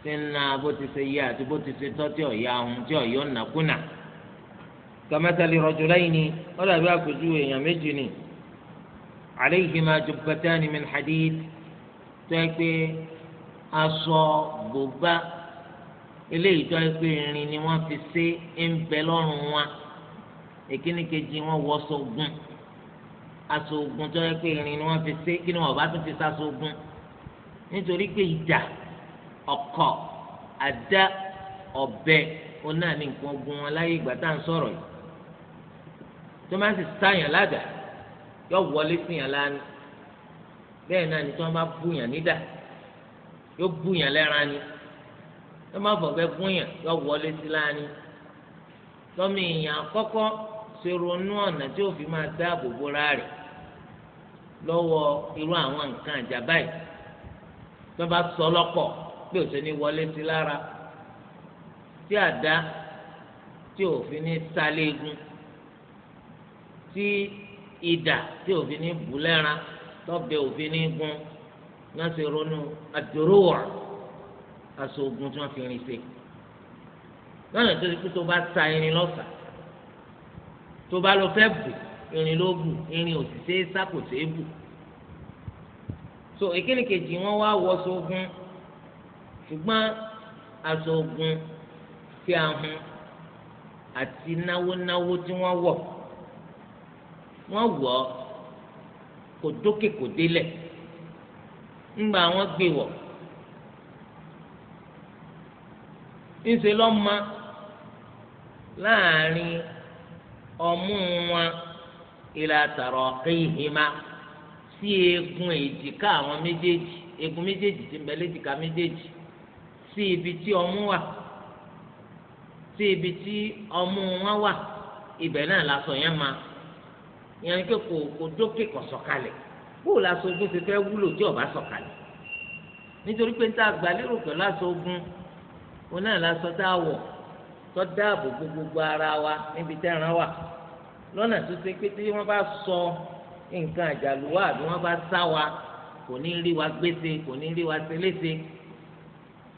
تنا بوتي سيئات بوتي ستوتيو ياهم تيو يونا كنا kàmẹ́tàlì rọ̀jùláìní ó dàbí àpèjúwe èèyàn méjì ni àléhìmá jubbatani min hadid tó yẹ pé aṣọ bòbá eléyìí tó yẹ pé irin ni wọ́n fi ṣe ń bẹ lọ́rùn wọn èkíní kejì wọn wọ sọgùn aṣọ ogun tó yẹ pé irin ni wọ́n fi ṣe kí ni wọ́n bá tún fi ṣaṣọ ogun nítorí pé ìjà ọkọ àdá ọ̀bẹ onáà ní nǹkan ogun wọn láyé ìgbà tá à ń sọ̀rọ̀ yìí tó máa ń sì sáyàn ládàá yóò wọlé sí yàn lánàá bẹ́ẹ̀ náà ni tí wọ́n bá búyàn nídà yóò búyàn lẹ́ran ni wọ́n bá fọ̀ fẹ́ búyàn yóò wọlé sí lánàá tọ́mi èèyàn kọ́kọ́ ṣe ronú ọ̀nà tí ó fi máa dáàbò bóra rẹ̀ lọ́wọ́ irú àwọn nǹkan àjà báyìí tó bá sọ lọ́kọ̀ pé òṣè ní wọlé sí lára tí àdá tí òfin ní sálé egun tí ìdà tí òfin ní bù lẹ́ran tọ́bẹ̀ òfin ní gun náà ṣe ronú àdúrówà aṣọ ogun tí wọ́n fi rin ṣe lọ́nà tó ti pé tó bá ta irin lọ́sà tó bá lọ fẹ́ bù irin ló bù irin òṣìṣẹ́ sákòṣe bù so ìkíni kejì wọn wá wọ sógun ṣùgbọ́n aṣọ ogun tí a hun àti náwó náwó tí wọ́n wọ̀. wọ́n wọ̀ ọ́ kò dókè kò délẹ̀ ńgbà wọ́n gbé wọ̀ ńṣe lọ́mọ láàrin ọmú wọn ìlà tààrọ̀ kéhìmá sí eegun èjìká àwọn méjèèjì eegun méjèèjì ti ń bẹ léjìká méjèèjì sí ibi tí ọmú wà sí ibi tí ọmú wọn wà ibẹ̀ náà la yẹn máa. ìyẹn kò kò kò dókè kò sọ̀kalẹ̀ bóòlù aṣogun ti fẹ́ wúlò tí ọba sọ̀kalẹ̀ nítorí pé níta àgbàlérò pẹ̀lú aṣogun òun náà lásọ tá a wọ̀ tó dáàbò gbogbo ara wa níbi tẹ́ran wà lọ́nà tó ṣe pé tí wọ́n bá sọ nǹkan àjàlù wa àbí wọ́n bá sá wa kò ní rí wa gbèsè kò ní rí wa ṣeléṣe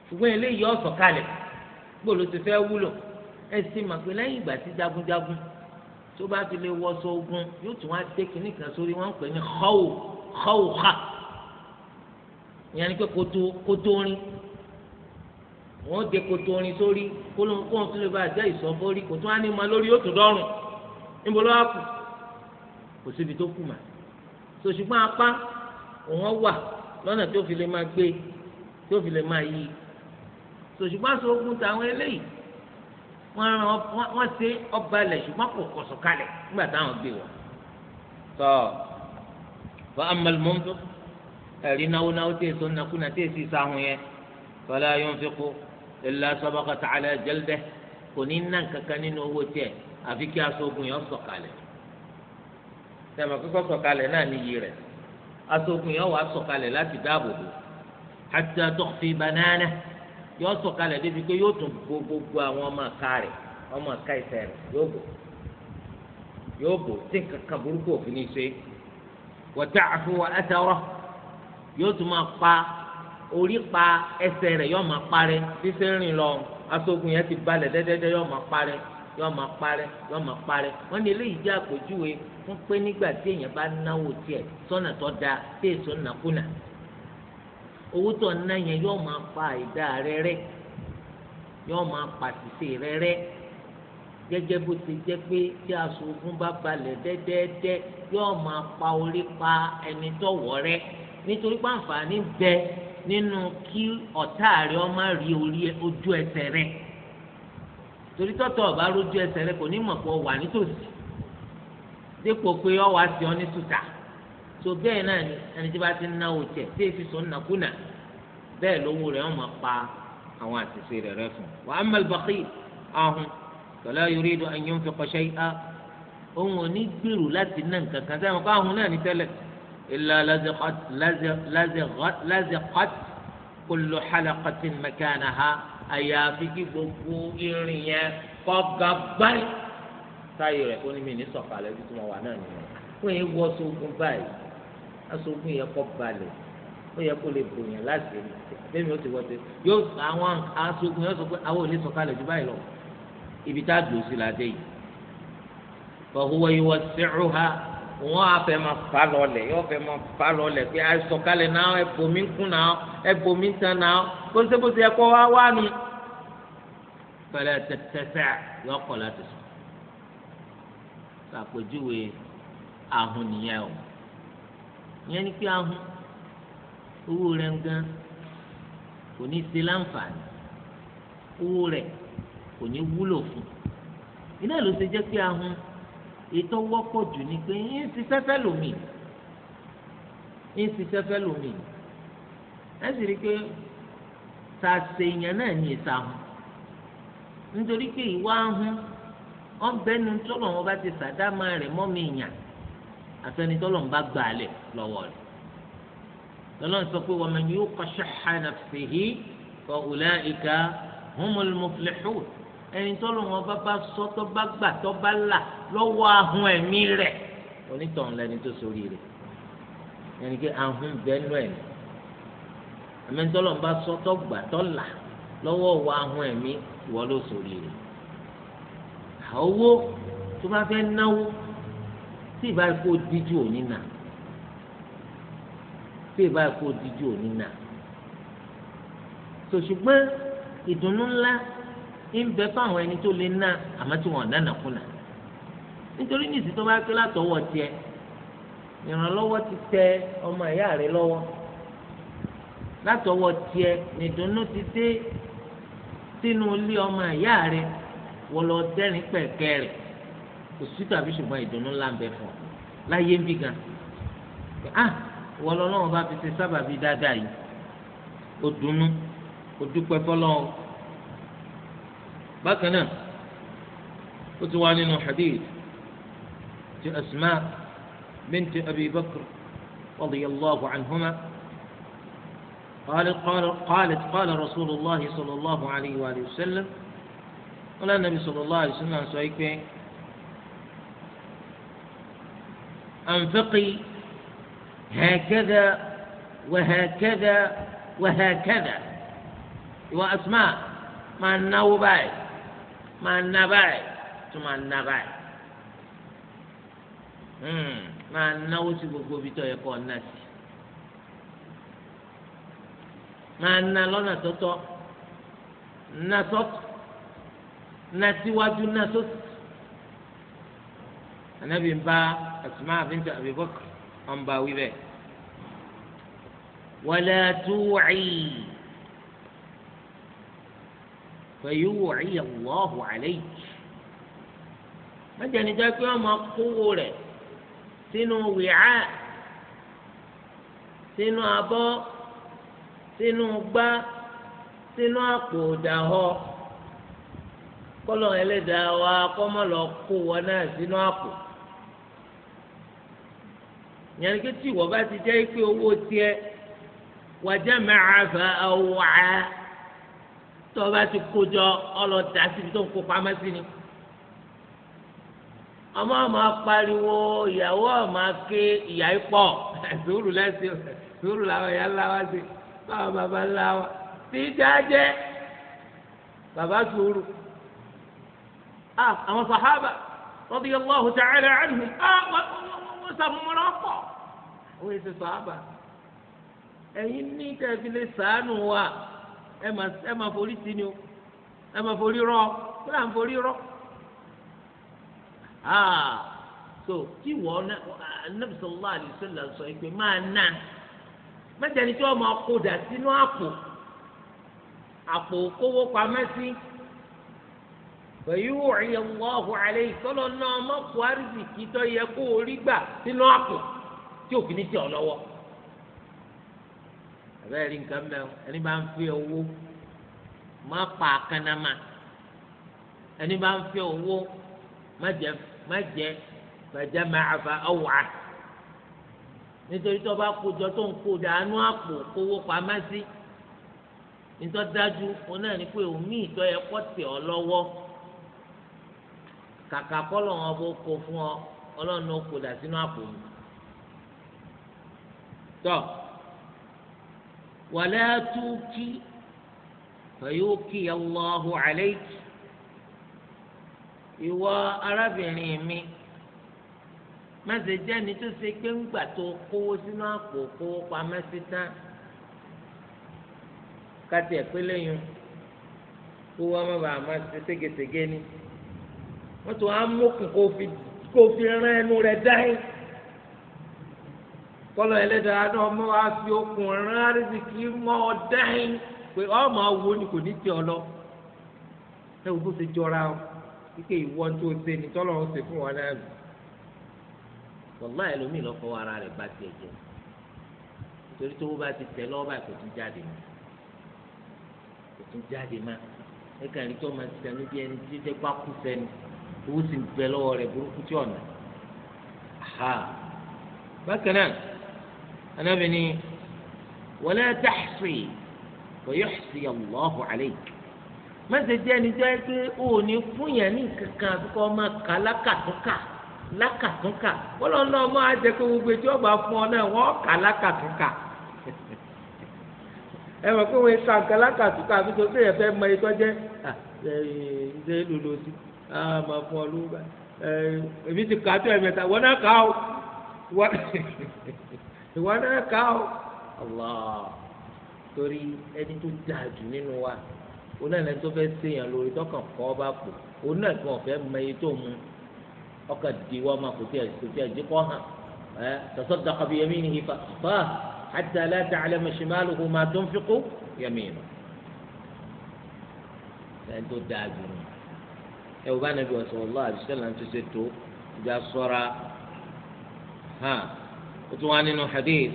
ṣùgbọ́n eléyìí ọ̀sọ̀kalẹ̀ bóòlù ti fẹ́ wúlò ẹ sì mà pé lẹ́yìn ìgbà tí jagunjagun tó bá fi lè wọṣọ ogun yóò tún wá dé kínní kan sórí wọn pè ní xọwò xọwò xa ìyẹn ni pé koto koto rin wọn dé koto rin sórí kóhun tó lè bá jẹ ìsọfórí kò tún á ní ma lórí yóò tún dọrùn níbo ló wá kù kò síbi tó kù mà so apá òun wà lọ́nà tó fi lè máa gbé tó fi lè máa yí so ṣùgbọ́n ogun tàwọn eléyìí wọ́n rán wọ́n ṣe ọba ilẹ̀ ṣùgbọ́n kò kọ̀sọ̀ kalẹ̀ nígbà táwọn gbé wọn. tọ́ bá amalmọ́tò ẹ̀rí náwó náwó tí èso nàkúnà tí èsì sáhùn yẹn tọ́lá yóò fi kú ilà sọ́bàkà tààlà jẹ́lẹ́dẹ́ kò ní nà kankan nínú owó tiẹ̀ àfi kí aṣogun yẹn sọ̀kalẹ̀ tẹ̀mọ̀ kíkọ́ sọ̀kalẹ̀ náà níyì rẹ̀ aṣogun yẹn wà sọ̀kalẹ̀ láti dáàbò bò hàtà tó fi banana. yọ sọ̀kalẹ̀ débi pé yóò tún bo gbogbo àwọn ọmọ àka rẹ̀ ọmọ àka rẹ̀ yóò bò yóò bò tí kankan burúkú òfin ní ṣe asuwa àfihàn ẹsẹ̀ rọ yóò tún máa pa orí pa ẹsẹ̀ rẹ̀ yóò máa parẹ́ ṣíṣe rìn lọ aṣogun yẹn ti balẹ̀ dẹ́dẹ́dẹ́ yóò máa parẹ́ yóò máa parẹ́ yóò máa parẹ́ wọ́n ní eléyìí jẹ́ àpèjúwe fún pé nígbà tí èèyàn bá náwó tiẹ̀ sọ́nà tó owó tó ń ná yẹn yóò máa fa ìdá rẹ rẹ yóò máa pàṣẹ rẹ rẹ gẹ́gẹ́ bó ti jẹ́ pé tí aṣọ ogun bá balẹ̀ dẹ́dẹ́dẹ́ yóò máa pa orí pa ẹni rẹ nítorí pé àǹfààní bẹ nínú kí ọ̀tá rẹ ọ má rí orí ojú ẹsẹ̀ rẹ torí tọ́tọ̀ ọ̀bá rójú ẹsẹ̀ rẹ kò ní mọ̀ pé ọ wà nítòsí ọ wá sí so bẹ́ẹ̀ náà ni ẹni tí bá ti ń náwó jẹ tí èsì sọ nàkúnà bẹ́ẹ̀ lówó rẹ̀ wọ́n máa pa àwọn àṣìṣe rẹ̀ rẹ̀ fún wa amma al-bakhil ahun fala yuridu an yunfiqa shay'a òun ò ní gbèrú láti ná nǹkan kan sẹ́wọ̀n kó ahun náà ní tẹ́lẹ̀ illa laziqat kullu halaqatin makanaha àyàfi kí gbogbo irin yẹn kọ́ gàgbáì táyì rẹ̀ kó ní mi ní sọ̀kalẹ̀ bí wà náà nìyẹn wọ́n yẹ wọ́ aṣogun yẹ kọ́ balẹ̀ ó yẹ kó lè bòyàn láti rí bẹ́ẹ̀ mi ó ti wọ́tẹ́ yóò àwọn aṣogun yóò sọ pé àwọn ò lè sọ̀kalẹ̀ jù báyìí lọ ibi tá a dùn sí ládé yìí fọwọ́ ìwọ sẹ́rù ha wọ́n á fẹ́ máa fà lọ́lẹ̀ yóò fẹ́ máa fà lọ́lẹ̀ pé àìsọ̀kalẹ̀ náà ẹ̀bùnmí kún náà ẹ̀bùnmí tán náà bóṣebóṣe ẹ̀kọ́ wá wá nu pẹ̀lẹ́ tẹ̀tẹ̀sẹ̀ yóò kọ̀ láti sùn ṣàpèjúwe àhùn nìyẹn o. ìyẹn ni pé ahun owó rẹ ń gan kò ní ṣe láǹfààní owó rẹ kò ní wúlò fún iná ló ṣe jẹ́ pé ahun ètò wọ́pọ̀ jù ni pé ń ṣiṣẹ́ fẹ́ lómi ń ṣiṣẹ́ fẹ́ lómi ẹ sì rí i pé tàṣe èèyàn náà ní ìta hun nítorí bá ti sàdámà rẹ̀ àfẹnitọ́lọ̀ ń bá gbà á lẹ̀ lọ́wọ́ rẹ̀ lọ́lọ́run sọ pé waman yuqa shahha nafsihi fa ulaika humul muflihun ẹni tọ́lọ̀ wọn bá bá sọ tó bá gbà tó bá là lọ́wọ́ ahun ẹ̀mí rẹ̀ onítọ̀hún lẹni tó sórí rẹ̀ ẹni pé ahun bẹ́nu ẹ̀mí ẹ̀mí tọ́lọ̀ ń bá sọ gbà tó là lọ́wọ́ wọ ahun ẹ̀mí ìwọ ló sórí rẹ̀ owó tó bá fẹ́ náwó tí ìbá ikú díjú òní nà tí ìbá ikú díjú òní nà sòṣùgbọ́n ìdùnnú ńlá ń bẹ fáwọn ẹni tó lè ná àmọ́ tí wọ́n nánà kùnà nítorí nìsí tó bá ké látọwọ́ tiẹ̀ ìrànlọ́wọ́ ti tẹ ọmọ ìyá rẹ lọ́wọ́ látọwọ́ tiẹ̀ nìdùnnú ti dé sínú ilé ọmọ ìyá rẹ wọ́n dẹ́rìn pẹ̀kẹ́ rẹ̀ kò sí tàbí ṣùgbọ́n ìdùnnú ńlá ń bẹ fún ọ láyé ń bí gan ah wọ́n lọ́wọ́ bá fi ṣe sábàbí dáadáa yìí ó dunnú ó dúpẹ́ fọlọ́wọ́ bákan náà ó ti wá nínú hadith ti asma binti abi bakr radiyallahu anhuma قال قال قالت قال رسول الله صلى الله عليه وآله وسلم قال النبي صلى الله عليه وسلم أنفقي هكذا وهكذا وهكذا وأسماء ما النوبة ما النبع ثم النبع máa náwó sí gbogbo ibi tó yẹ kó ọ̀nà sí máa ná lọ́nà tọ́tọ́ ná sọ́tù ná síwájú ná Asma bint Abi Bakr wọn bá wí bẹ́ẹ̀. wala tu'i fayu'i Allahu alayk. mẹ́jẹ̀ níjọ́ pé wọ́n máa kówó rẹ̀ sínú wìcá sínú abọ́ sínú gbá sínú àpò ìdáhọ́ wa kọ́mọ́ kó wọn náà sínú àpò ìyẹn ni pé tí ìwọ bá ti jẹ́ pé owó tiẹ̀ wàjẹ́ máa fà áwọ̀ á tó o bá ti kójọ ọlọ́dà síbi tó ń kó pamọ́ sí ni ọmọ ọmọ pariwo ìyàwó ọmọ ké ìyá ipọ sùúrù lẹsìn sùúrù làwọn ìyá ńlá wa sí báwọn bàbá ńlá wa ti dájẹ bàbá sùúrù ah, àwọn sàhábà radiyallahu ta'ala anhum ah, wọn òun èsì sàábà ẹ̀yin ní kẹ́ẹ̀fì lè wa ẹ forí sí ni o ẹ máa forí rọ kí là ń forí rọ ah, so tí wọ́n Ànábì sallallahu alaihi wasallam sọ ìpè máa nà mẹ́tẹ̀ẹ̀ni tí wọ́n máa kó dà sínú àpò àpò kówó pamẹ́ sí pẹ̀lú ìyẹ̀wò ọ̀hún àlẹ́ ìtọ́lọ́ náà mọ́kù yẹ kó o rí gbà tí òfin ní tì ọ lọ́wọ́ àbẹ́rẹ́ rí nǹkan mẹ́rin ẹni bá ń fi owó má pa àkànnàmà ẹni bá ń fi owó má jẹ má jẹ bàjẹ́ máa fa ọ̀wà nítorí tó bá kójọ tó ń kó dànù àpò kówó pamá sí nítorí dájú òun náà ní pé òun mí ìtọ́ yẹ kọ́ tẹ̀ ọ lọ́wọ́ kàkà kọ́ lọ́wọ́ bó kó fún ọ ọlọ́run ó kó dà sínú àpò yìí. tọ wàlẹ́ àtúkì fẹ̀yọ́kì Allahu alayki ìwọ arábìnrin mi mẹsẹ̀ jẹ́ ni tó ṣe pé tó kówó sínú àpò kówó pamẹ́ sí tán kátì ẹ̀ pé ṣe ségesège kọlọ ẹlẹ́dàá náà mọ wá fi okùn rán arísìkí mọ ọ dáhìn pé ọmọ wo ni kò ní tẹ ọ lọ ẹ wò ṣe jọra o kíkẹ ìwọ tó o ṣe ni tọlọ o ṣe fún wọn náà lò wàlá ẹlòmíì lọ fọwọ́ ara bá jẹ tó bá ti kò tún jáde kò tún jáde ẹ kàn máa ti ẹni tí bá kú anábì ni wala tahsi wa yuhsi Allahu alayk mẹsẹ̀ jẹ́ ẹni jẹ́ pé o ò ní fún yẹn ní kankan àbíkọ́ ọmọ kà lákàtúnkà lákàtúnkà wọ́n lọ́nà ọmọ ẹ mọ̀ pé wọ́n ka nǹkan lákàtúnkà àbí tó ṣe yẹ mọ itọ́ jẹ́ ṣe é lòlò sí àmọ́ fún ọ lóba èmi ti kà á tó ẹ̀mẹ́ta wọ́n náà kà á wọ́n. ìwọ náà ká o allah torí ẹni tó dáa jù nínú wa òun náà lẹni tó fẹ́ ṣèyàn lórí tọkàn kọ́ ọ bá pò òun náà kàn fẹ́ mọ iye tó mu ọkàn diwọ́ máa kò tí ẹ̀ kò tí ẹ̀ jí kọ́ hàn ẹ̀ tasaddaqa bi yaminihi fa hatta la ta'lama shimaluhu ma tunfiqu yaminuhu ẹni tó dáa jù nù ẹ wò bá nàbí sallallahu alaihi wasallam tó ṣe tó ìjà sọ́ra hàn. وتوانين حديث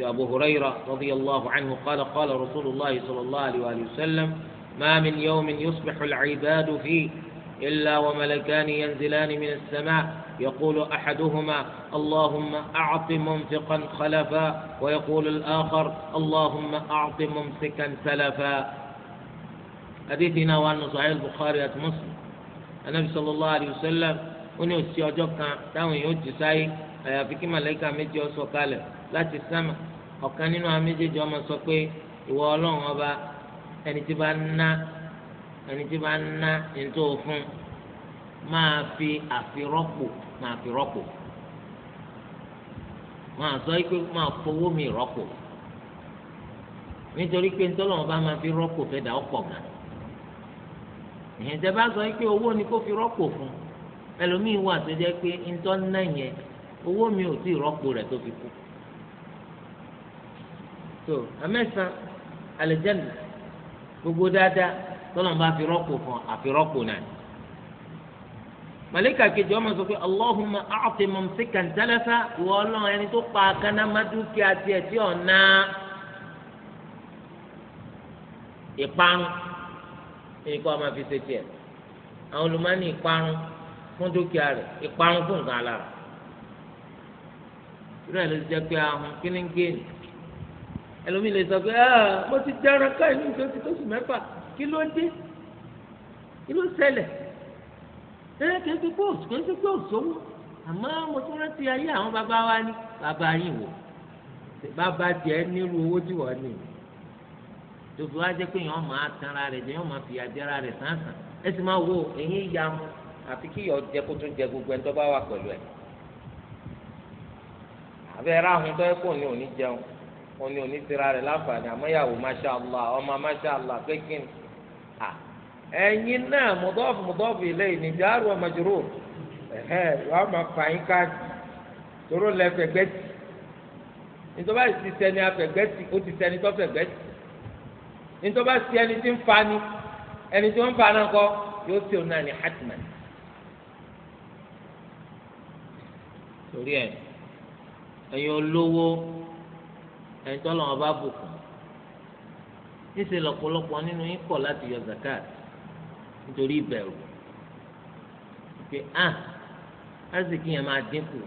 ابو هريرة رضي الله عنه قال قال رسول الله صلى الله عليه وآله وسلم ما من يوم يصبح العباد فيه إلا وملكان ينزلان من السماء يقول أحدهما اللهم أعط منفقا خلفا ويقول الآخر اللهم أعط ممسكا سلفا حديثنا وأن صحيح البخاري مسلم النبي صلى الله عليه وسلم وني أسيوجوكا تاوي يوجي سايك àyàfi kí màlẹ́kà méjì ó sọ̀kalẹ̀ láti sámà ọ̀kan nínú àwọn méjèèjì ó sọ pé ìwọ ọlọ́run ọba ẹni tí bá ná ẹni tí bá ná nítorí òfun máa fi àfirọ́pò máa fi rọ́pò máa sọ pé máa fowó mi rọ́pò nítorí pé nítorí ọba máa fi rọ́pò fẹ́ dà ọ́ pọ̀ gan ìyẹn bá sọ pé fi rọ́pò fún ẹlòmíín wà tó jẹ́ pé ntọ́ ná yẹn owó mi ò tí ì rọ́pò rẹ̀ tó fi kú tó amẹ́sàn alẹ́jẹ́ndì gbogbo dáadáa tọ́lọ́n bá fi rọ́pò fún àfi rọ́pò náà màlíkà kejì ọmọ sọ pé Allahumma a'ti mumsikan talafa ìwọ ọlọ́run ẹni tó pa akanámádúkìá tiẹ̀ tí ọ̀nà ìparun ẹni kọ́ ọmọ fi ṣe tiẹ̀ àwọn olùmọ́ni ìparun fún dúkìá rẹ̀ ìparun fún nǹkan alára irú ẹ̀ ló ti jẹ́ pé ahun kíníngéènì ẹlòmíì lè sọ pé ah, mo ti dára káyọ̀ ní ìjọ ti tó sùn mẹ́fà kí ló dé kí ló ṣẹlẹ̀ ẹ kì í ti pé òsùn kì í ti pé òsòwò àmọ́ mo tún rántí ayé àwọn bàbá wa ní bàbá yín wò bàbá tiẹ̀ nírú owó tí wọ́n ní tòbí wá jẹ́ pé yẹn máa tanra rẹ̀ jẹ́ yẹn máa fi àjẹra rẹ̀ sánsan ẹ sì máa wo èyí ya wọn àfi kí yọ jẹ kó tún jẹ gbogbo ẹ̀ tó bá wà pẹ̀lú ẹ̀. àbí ẹ̀rọ tó yẹ kó òní jẹun òní òní tira rẹ̀ láǹfààní masha allah ọmọ masha allah pékin ha ẹ̀yin náà mọ̀dọ́fù mọ̀dọ́fù ilé yìí níbi àrùn ọmọdúró ẹ̀hẹ́ wàá máa fà káàdì tóró lẹ tì nítorí báyìí ti sẹni tì ó ti sẹni tì nítorí báyìí ti ẹni tí ni ẹni tí ẹ̀yin olówó ẹ̀yin tó lọ́wọ́ bá bùkún níṣẹ́ lọ́pọ̀lọpọ̀ nínú yín kọ̀ láti yọ zakat nítorí ìbẹ̀rù pé ah azikí yẹn máa dínkù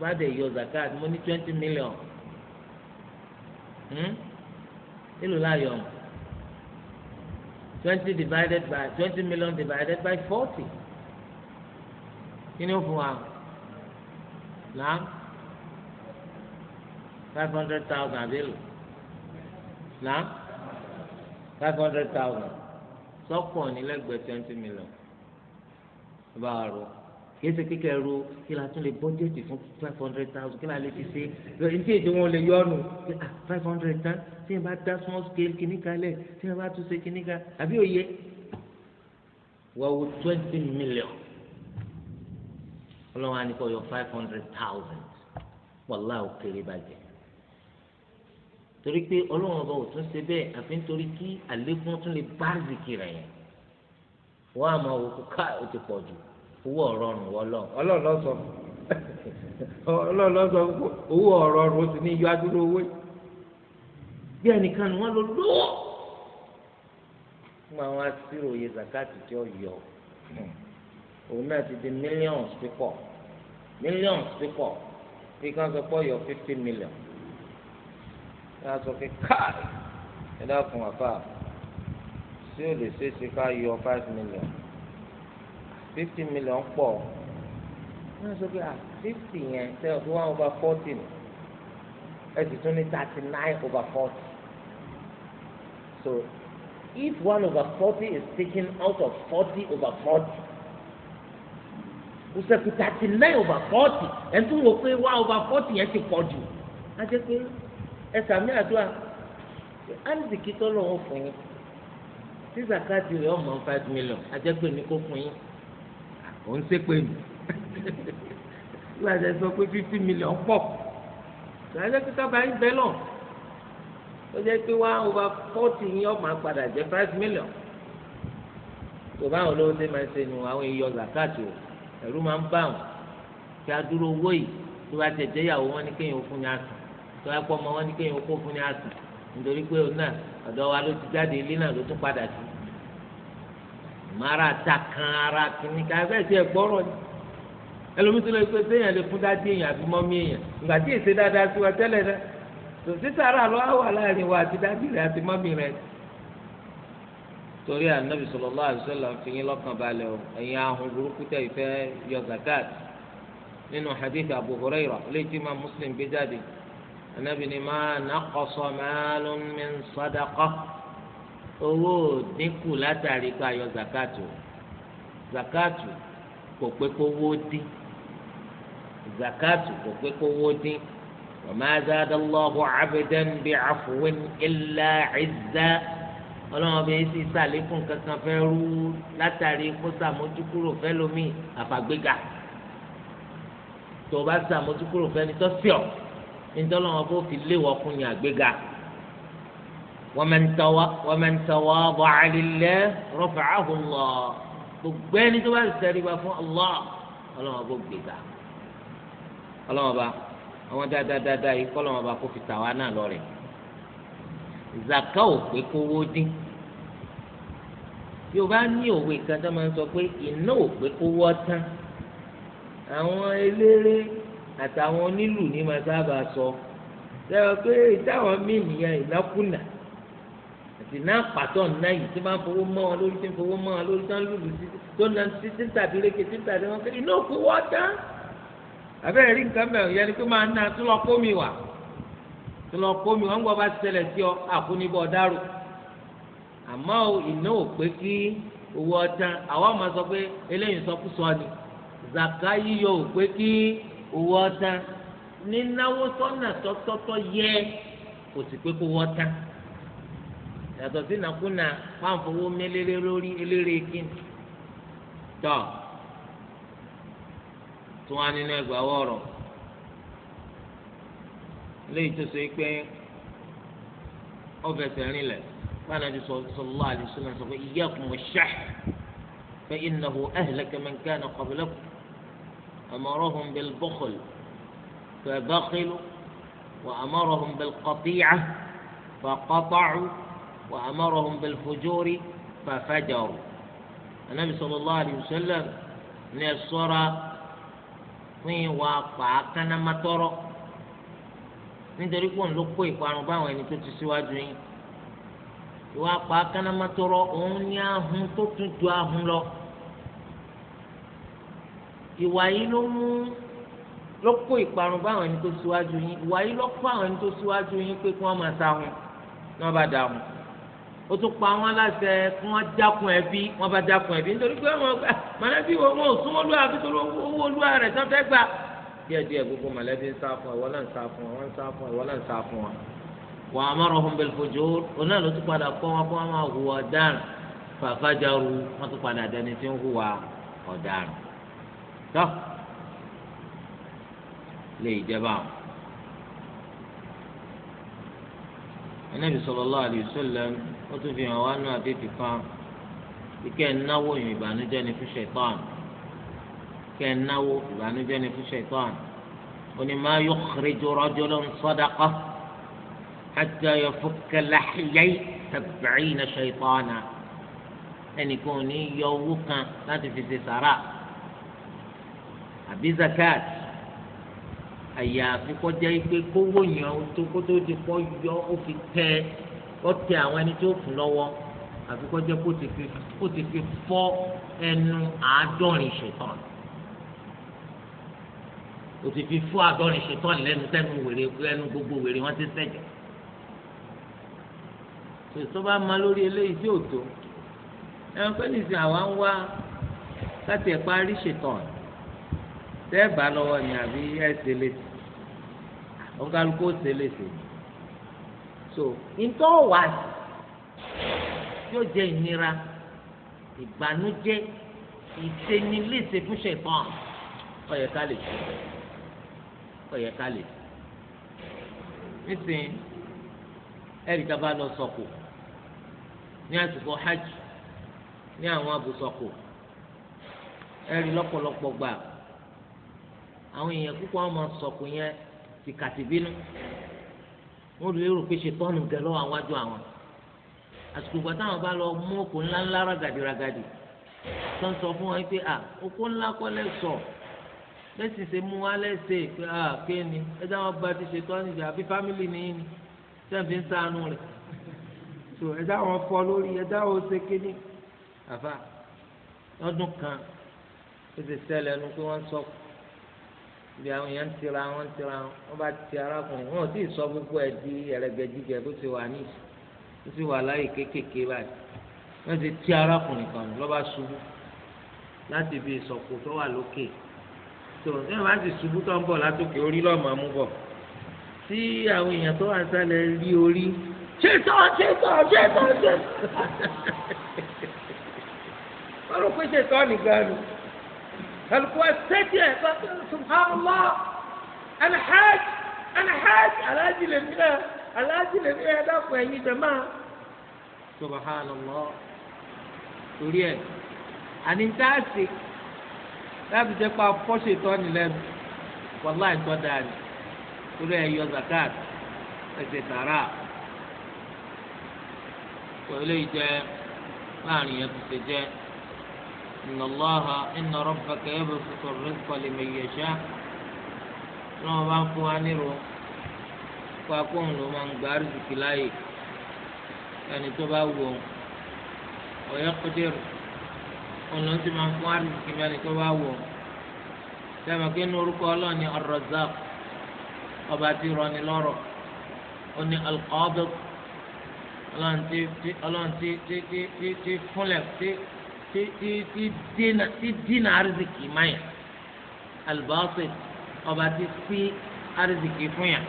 bá dẹ̀ yọ zakat mo ní twenty million ìlú hmm? láyọ̀ twenty divided by twenty million divided by forty kí ni ó fún wa náà five hundred thousand àbí lò náà five hundred thousand sọ́kùn ní lẹ́gbẹ̀ẹ́ twenty million bá a rò kìí ṣe kékeré ro kí la tún lè bọ́jẹ̀tì fún five hundred thousand kí la lè fi ṣe ntí èdè wọn lè yọnu ah, five hundred tán tí yẹn bá dá small scale kìíní kalẹ̀ tí yẹn bá tún ṣe kìíní kalẹ̀ àbí òye wọ́n wo twenty million ọlọ́run á ní kó yọ five hundred thousand wàhálà òkèrè bàjẹ́ torí pé ọlọ́run ọba ò tún ṣe bẹ́ẹ̀ àfi nítorí kí àlékún tún lè bá zikì rẹ̀ yẹn wọ́n á máa wò kó ká ó ti pọ̀ jù owó ọ̀rọ̀ ọ̀rùn wọ́n lọ. sọ ọlọ́run sọ owó ọ̀rọ̀ ọ̀rùn ó sì ní yọ adúlọ owó bí ẹnìkan ni wọ́n lọ lọ́wọ́ fún àwọn asíròye zakati tí ó yọ òun náà ti di millions pípọ̀ millions pípọ̀ bí kan sọ pé ọyọ fifty million ẹ sọ pé káì ẹ dákun àfà tí ó lè ṣeéṣe ká yọ five million fifty million pọ̀ wọ́n sọ pé ah, fifty yẹn tẹ́ ọ fi one over forty ni ẹ sì tún ní thirty nine over forty so if one over forty is taken out of forty over forty kò sẹ́kù thirty nine over forty ẹ̀ tún wò pé one over forty yẹn ti pọ̀ jù á jẹ́ pé ẹ sàmì àdúrà ánìsìkì tó lọ́wọ́ fún yín tí zakati rẹ̀ ọmọ five million á jẹ́ pé ní kó fún yín ò ń sépè mí láti sọ pé fifty million pọ̀ láti pé kábàá ń bẹ́ lọ ó jẹ́ pé one over forty yín ọmọ àpàdà jẹ́ five million tó báwọn olówó ṣe máa ń ṣe nu àwọn èèyàn zakati o. ẹ̀rú máa ń bá wọn kí a dúró owó yìí tó bá tẹ̀ jẹ́ ìyàwó wọn ní kéèyàn fún ní àsàn tó bá pọ̀ ọmọ wọn ní kéèyàn kó fún mara ta kan ara kìíní ká bẹ́ẹ̀ sí ẹ̀gbọ́rọ̀ ni ẹlòmíì tó lè pé téèyàn lè fún dájú èèyàn àbí mọ́mí èèyàn ìgbà wa tẹ́lẹ̀ tòsí lọ́wọ́ wa àti dájú torí ànábì sallallahu alaihi wasallam fi yín lọ́kàn balẹ̀ o ẹ̀yin ahun burúkú tẹ̀ ìfẹ́ yọ zakat nínú hadith Abu Huraira létí ma Muslim gbé jáde ànábì ni ma naqasa malun min sadaqa owó dínkù látàrí ká yọ zakat o zakat kò pé kówó dín zakat kò pé kówó dín wa ma zada Allahu abdan bi'afwin illa ọlọ́run ọba yìí sì sàlékún kankan fẹ́ rú látàrí kó sàmójúkúrò fẹ́ lómi àfàgbéga tó o bá sàmójúkúrò fẹ́ ni tọ́síọ̀ nítorí wọn bó fi léwọ́ fún yàn àgbéga wa man tawaḍa'a lillahi rafa'ahu Allah gbogbo ẹni tó bá tẹríba fún Allah ọlọ́run ọba gbéga ọlọ́run ọba àwọn dáadáa dáadáa yìí kọ́ ọlọ́run ọba kó fi tàwa náà lọ́rẹ̀ẹ́ zaka ò pé kówó dín yorùbá ní òwe kan tó máa ń sọ pé iná ò pé kówó tán àwọn eléré àtàwọn onílù ní máa sábà sọ sẹ́wọ́n pé táwọn míì nìyẹn ìnákùnà àtìná pàtó ńlá yìí tí máa ń fowó mọ́ wọn lórí tí ń fowó mọ́ wọn lórí tí wọ́n lùlù tó ń lọ títí tàbí léke títí tàbí wọn pé iná ò pé tán àbẹ́rẹ́ rí nǹkan bẹ̀rù yẹn ni pé máa ń ná tó mi wà. tí lọ kó mi wọn gbọ́ bá ṣẹlẹ̀ sí ọ àkúnibọ̀ dárò àmọ́ iná ò pé kí owó ọtán àwa máa sọ pé eléyìí sọ ni zaka yíyọ ò pé kí owó ọtán nínáwó sọ́nà tọ́tọ́tọ́ yẹ kò sì pé kó owó ọtán yàtọ̀ sí nàkúnà pàǹfowó mélèrè lórí eléré kíni léyìí tó so ṣe pé ọbẹ̀ sẹ́rin lẹ̀ báyìí náà sallallahu alaihi wasallam sọ pé iyyakum wash-shahr fa innahu ahlaka man kana qablakum amarahum bil-bukhl فبخلوا وأمرهم بالقطيعة فقطعوا وأمرهم بالفجور ففجروا النبي صلى الله عليه وسلم ní ẹ ṣọ́ra fún ìwà pàákánná mátọrọ nítorí pé òun ló kó ìparun báwọn ẹni tó ti síwájú yín ìwà pa kánámátọrọ òun ní ahun tó tún ju ahun lọ ìwà yìí ló mú ló kó ìparun báwọn ẹni tó síwájú yín ìwà yìí ló kó àwọn ẹni tó síwájú yín pé kí wọ́n máa sáhun ní wọ́n bá dà hùn ó tún pa wọn láṣẹ kí wọ́n dákun ẹbí wọ́n bá dákun ẹbí nítorí pé wọ́n gbà mọ̀lẹ́bí wọn ò súnmọ́ àbí tó owó olúwa rẹ̀ sọ́fẹ́ gbà díẹ̀ díẹ̀ gbogbo mọ̀lẹ́bí ń sá fún ẹ̀wọ́n náà ń sá fún ẹ̀wọ́n ń sá fún ẹ̀wọ́n náà ń sá fún wa. wà á mọ̀rọ̀ ọ̀hún bẹ̀rẹ̀ fojú oná ló tún padà kọ́ wọn kó wọn máa hùwà ọ̀daràn fàfàjàru wọn tún padà dẹni tí ń hùwà ọ̀daràn. tó lè jẹba o. Ànábì sallallahu alaihi wasallam ó tún fi hàn wá náà àdéhùn kan ikẹ́ náwó ìrìnbànújẹ́ ni fún ṣẹ̀tọ́ọ̀nù kẹ́ ẹ náwó ìbànújẹ́ ni fún ṣètọ́n oní máa yọ kérejò rọ́jò ló ń sọ́dọ̀kọ́ àjọ yọ fún kẹlẹ́hìyẹ́ tẹ̀bẹ̀rẹ̀ iná ṣètọ́n náà ẹnìkan ò ní yọ owó kan láti fi ṣe sàrà àbí zakat àyàfi kọjá pé kówó yàn tó kó tó kọ́ yọ ó fi tẹ ó tẹ àwọn ẹni tó fún lọ́wọ́ àfi kó ti fi fọ́ ẹnu àádọ́rin ṣètọ́n o ti fi fún àádọ́rin ṣetán lẹ́nu tẹ́nu wèrè ẹnu gbogbo wèrè wọ́n ti sẹ́jọ́ tòtò bá ma lórí eléyìí tí ò tó ẹnu pé nìsín àwa ń wá láti ẹ̀pá rí ṣetán tẹ́ẹ̀bà lọ́wọ́ ni àbí ẹ̀sẹ̀ lẹ́sẹ̀ ọ̀gáluku ọ̀sẹ̀ lẹ́sẹ̀ so ntọ́ wà yóò jẹ́ ìnira ìbànújẹ́ ìsẹ́nilése fún ṣetán ó yẹ lè ṣe bẹ́ẹ̀ ọ̀yẹ́ ká lè nísìnyí ẹ̀rí ká bá lọ sọ̀kò ní àsìkò hajj ní àwọn abùsọ̀kò ẹ̀rí lọ́pọ̀lọpọ̀ gbà àwọn èèyàn púpọ̀ wọn máa sọ̀kò yẹn ti kàtìbínú wọn lérò pé ṣe tọ́nu gẹ̀lọ́ àwọn àjọ àwọn àsìkò ìgbà táwọn bá lọ mú òkú ńláńlá ragàdì ragàdì tó sọ fún wọn pé à òkú ńlá kọ́lẹ́ sọ̀ bẹ́sì ṣe mú wa lẹ́sẹ̀ pé a ké ni ẹ jẹ́ àwọn bá ti ṣe tọ́ níjà àbí fámìlì ní ní sẹ́ǹfì ń sànù rẹ̀ tó ẹ jẹ́ àwọn fọ́ lórí ẹ jẹ́ àwọn ṣe kéde àbá lọ́dún kan ó ti ṣẹlẹ̀ nu pé wọ́n sọ ibi àwọn èèyàn ń tira wọn ń tira wọn wọ́n bá ti arákùnrin wọn ò tí ì sọ gbogbo ẹ̀ di ẹ̀rẹ̀gẹ̀dìgẹ̀ bó ti wà ní bó ti wà láyè kéékèèké báyìí wọ́n ti ti arákùnrin kan lọ́ba ṣubú láti ibi ìsọ̀kò tó wà lókè tó ní ìwà ti ṣubú tó ń bọ̀ látòkè orí lọ́mọ mú bọ̀ tí àwọn èèyàn tó wà sálẹ̀ rí orí ṣe tọ́ ṣe tọ́ ṣe tọ́ ṣe wọ́n rò pé ṣe tọ́ nìkan ni kálukú ẹ tẹ́tí ẹ bá subhanallah alhaj alhaj alhaji lèmi náà alhaji lèmi náà dákun ẹ̀yin jẹ̀má subhanallah torí ẹ̀ àní ń tá a ṣe láti jẹ́ pa fọ́ṣẹ̀ tọ́ni lẹ́nu wàhálà ìtọ́ dáa ni torí ẹ yọ zakat ẹsẹ̀ sàrà pẹ̀lú ìjẹ láàrin yẹn tó ṣe jẹ́ inna Allaha inna rabbaka yabsutu rizqa liman yasha náà wọ́n bá ń fún wa nírò kó akóhùn ló máa ń gba àrísìkì láàyè ẹni tó bá wù ọ́ ọ̀yẹ́ kọ́dẹ́rù ọ̀nà tí máa ń fún àrísìkí bẹ́ẹ̀ ni tó bá wọ̀ sẹ́mi pé inú orúkọ ọlọ́run ni Ar-Razzaq ọba tí rọni lọ́rọ̀ ó ní Al-Qabid ọlọ́run tí tí fúnlẹ̀ tí tí dínà àrísìkí máyà Al-Basit ọba tí sí àrísìkí fún yà.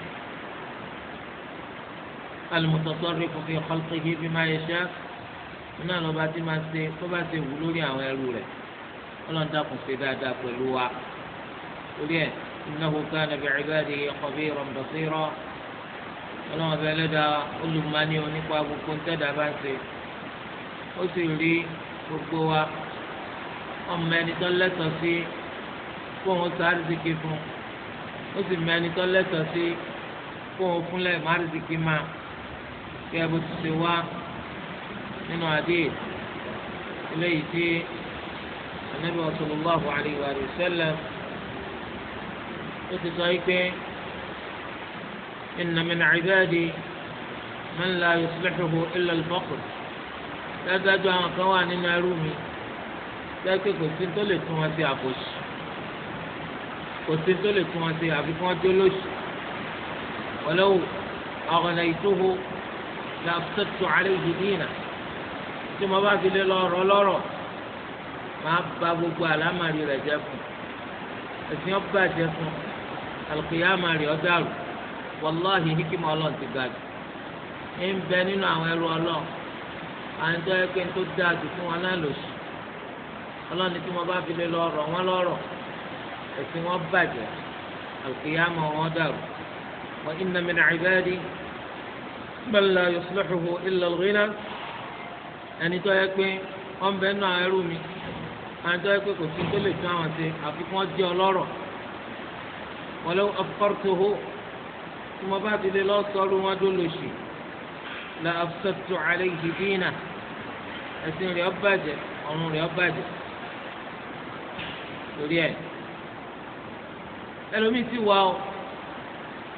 المتصرف في خلقه بما يشاء iná lọ́ba tí máa ṣe tó bá ṣe wù lórí àwọn ẹrú rẹ̀ ọlọ́run dákun ṣe dáadáa pẹ̀lú wa torí ẹ̀ innahu kana bi'ibadihi khabiran basira ọlọ́run ọba ẹlẹ́dàá olùmọ̀ọ́ni onípa gbogbo ńtẹ́dà bá ń ṣe ó sì rí gbogbo wa ọmọ ẹni tó lẹ́tọ̀ọ́ sí fóun sáré síkì fún ó sì mọ ẹni tó lẹ́tọ̀ọ́ sí fóun fúnlẹ̀ má rí síkì bó ti ṣe wá. nínú hadith eléyìí tí anabi sallallahu alayhi wa sallam ó ti sọ yìí pé inna min ibadi man la yuslihuhu illa al-faqr dájú àwọn kan wà nínú ẹrú mi dájú kò sí tó lè tún wọn sí àbòsí kò sí tó lè tún wọn sí àbí kí wọn tó lòsì walau aghnaytuhu la absattu alayhi dina. tí mo bá fi lé lọ́rọ̀ lọ́rọ̀ máa ba gbogbo àlámàrí rẹ̀ jẹ́ fún ẹ̀sìn ọba jẹ́ fún alùpùpù rẹ̀ ọ̀dàrú wàláhì hikima ọlọ́run ti ga jù ń bẹ nínú àwọn ẹrú ọlọ́run àwọn ẹjọ́ ẹgbẹ́ tó dáa jù fún wọn náà lòsù ọlọ́run tí mo bá fi lé lọ́rọ̀ wọn lọ́rọ̀ ẹ̀sìn wọn bàjẹ́ alùpùpù wọn dàrú wọ́n iná mi nà ìbẹ́ẹ́dì bẹ́ẹ̀ la yọ̀ ẹni tó yẹ pé wọ́n bẹ nù àwọn ẹrú mi ẹni tó yẹ pé kò sí tó lè tún àwọn ṣe àfikún ọjọ́ ọlọ́rọ̀ wọlé afọ́rọ́tòhó tí mo bá ti lè lọ sọ́ọ́rù wọn tó lò sí la afsattu alayhi dina ẹ̀sìn rẹ̀ ó bàjẹ́ ọ̀run rẹ̀ torí ẹ̀ ẹlòmíì ti wà ó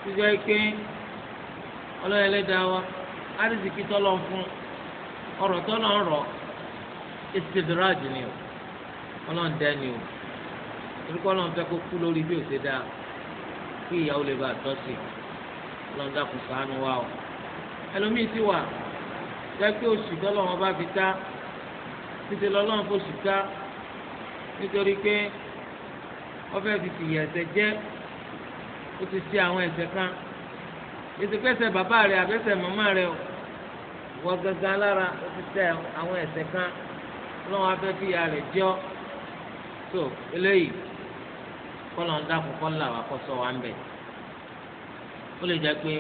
ti jẹ́ pé ọlọ́yẹlẹ́dàá wa á ti sì kí fún un ọ̀rọ̀ tó náà rọ istidraj ni o ọlọ́run dẹ́ ni o orúkọ ọlọ́run fẹ́ kó kú lórí bí ó ṣe dáa kí ìyàwó lè bá a tọ́sí ọlọ́run dákun ṣàánú wa o ẹlòmíì ti wà jẹ́ pé oṣù tọ́lọ́wọ́n bá fi ta títí lọ́lọ́run fòṣù ta nítorí pé ọfẹ́ fi fìyà ẹ̀ṣẹ̀ jẹ́ ó ti ṣe àwọn ẹ̀ṣẹ̀ kan ètò pẹ́sẹ̀ bàbá rẹ̀ àbẹ́sẹ̀ màmá rẹ̀ o wọ́n gangan lára ó ti tẹ àwọn ẹ̀ṣẹ̀ kan lọ́wọ́ afẹ́ fi ya rẹ̀ jọ́ tó eléyìí kọ́lọ̀ ń dákun kọ́lá wa kọ́ sọ wa ń bẹ̀. ó lè jẹ́ pé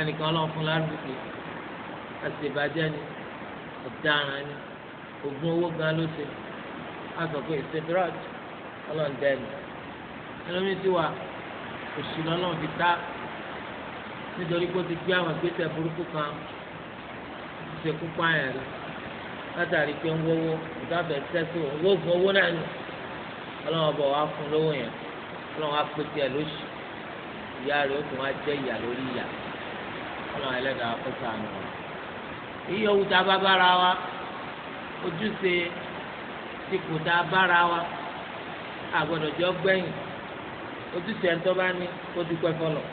ẹnìkan lọ́wọ́ fún lárúbùkù àṣebàjẹ́ ni ọ̀daràn ni ogun owó gan ló ṣe á sọ pé ìṣèdúrọ̀t ọlọ́run dẹ́nu ẹlòmíín ti wà òṣìlọ́lọ́run fi tá nítorí pé ó ti gbé àwọn ìgbésẹ̀ burúkú kan ṣekú pààyàn rí látàrí pé ń wọ́wọ́ ìdáfẹ́ tẹ́sí òun wó fún owó náà nù ọlọ́run bọ̀ wá fún lówó yẹn ọlọ́run á pété ẹ̀ lóṣù ìyá rẹ̀ ó tún wá jẹ́ ìyà lórí ìyà ọlọ́run ẹlẹ́dàá kó sànù wọn. èyí ọ̀hún tá a bá bára wa ojúṣe ti kù tá a bára wa àgbọ̀dọ̀ jọ gbẹ̀yìn ojúṣe ẹ̀ tó bá ní kó dúpẹ́ fọlọ̀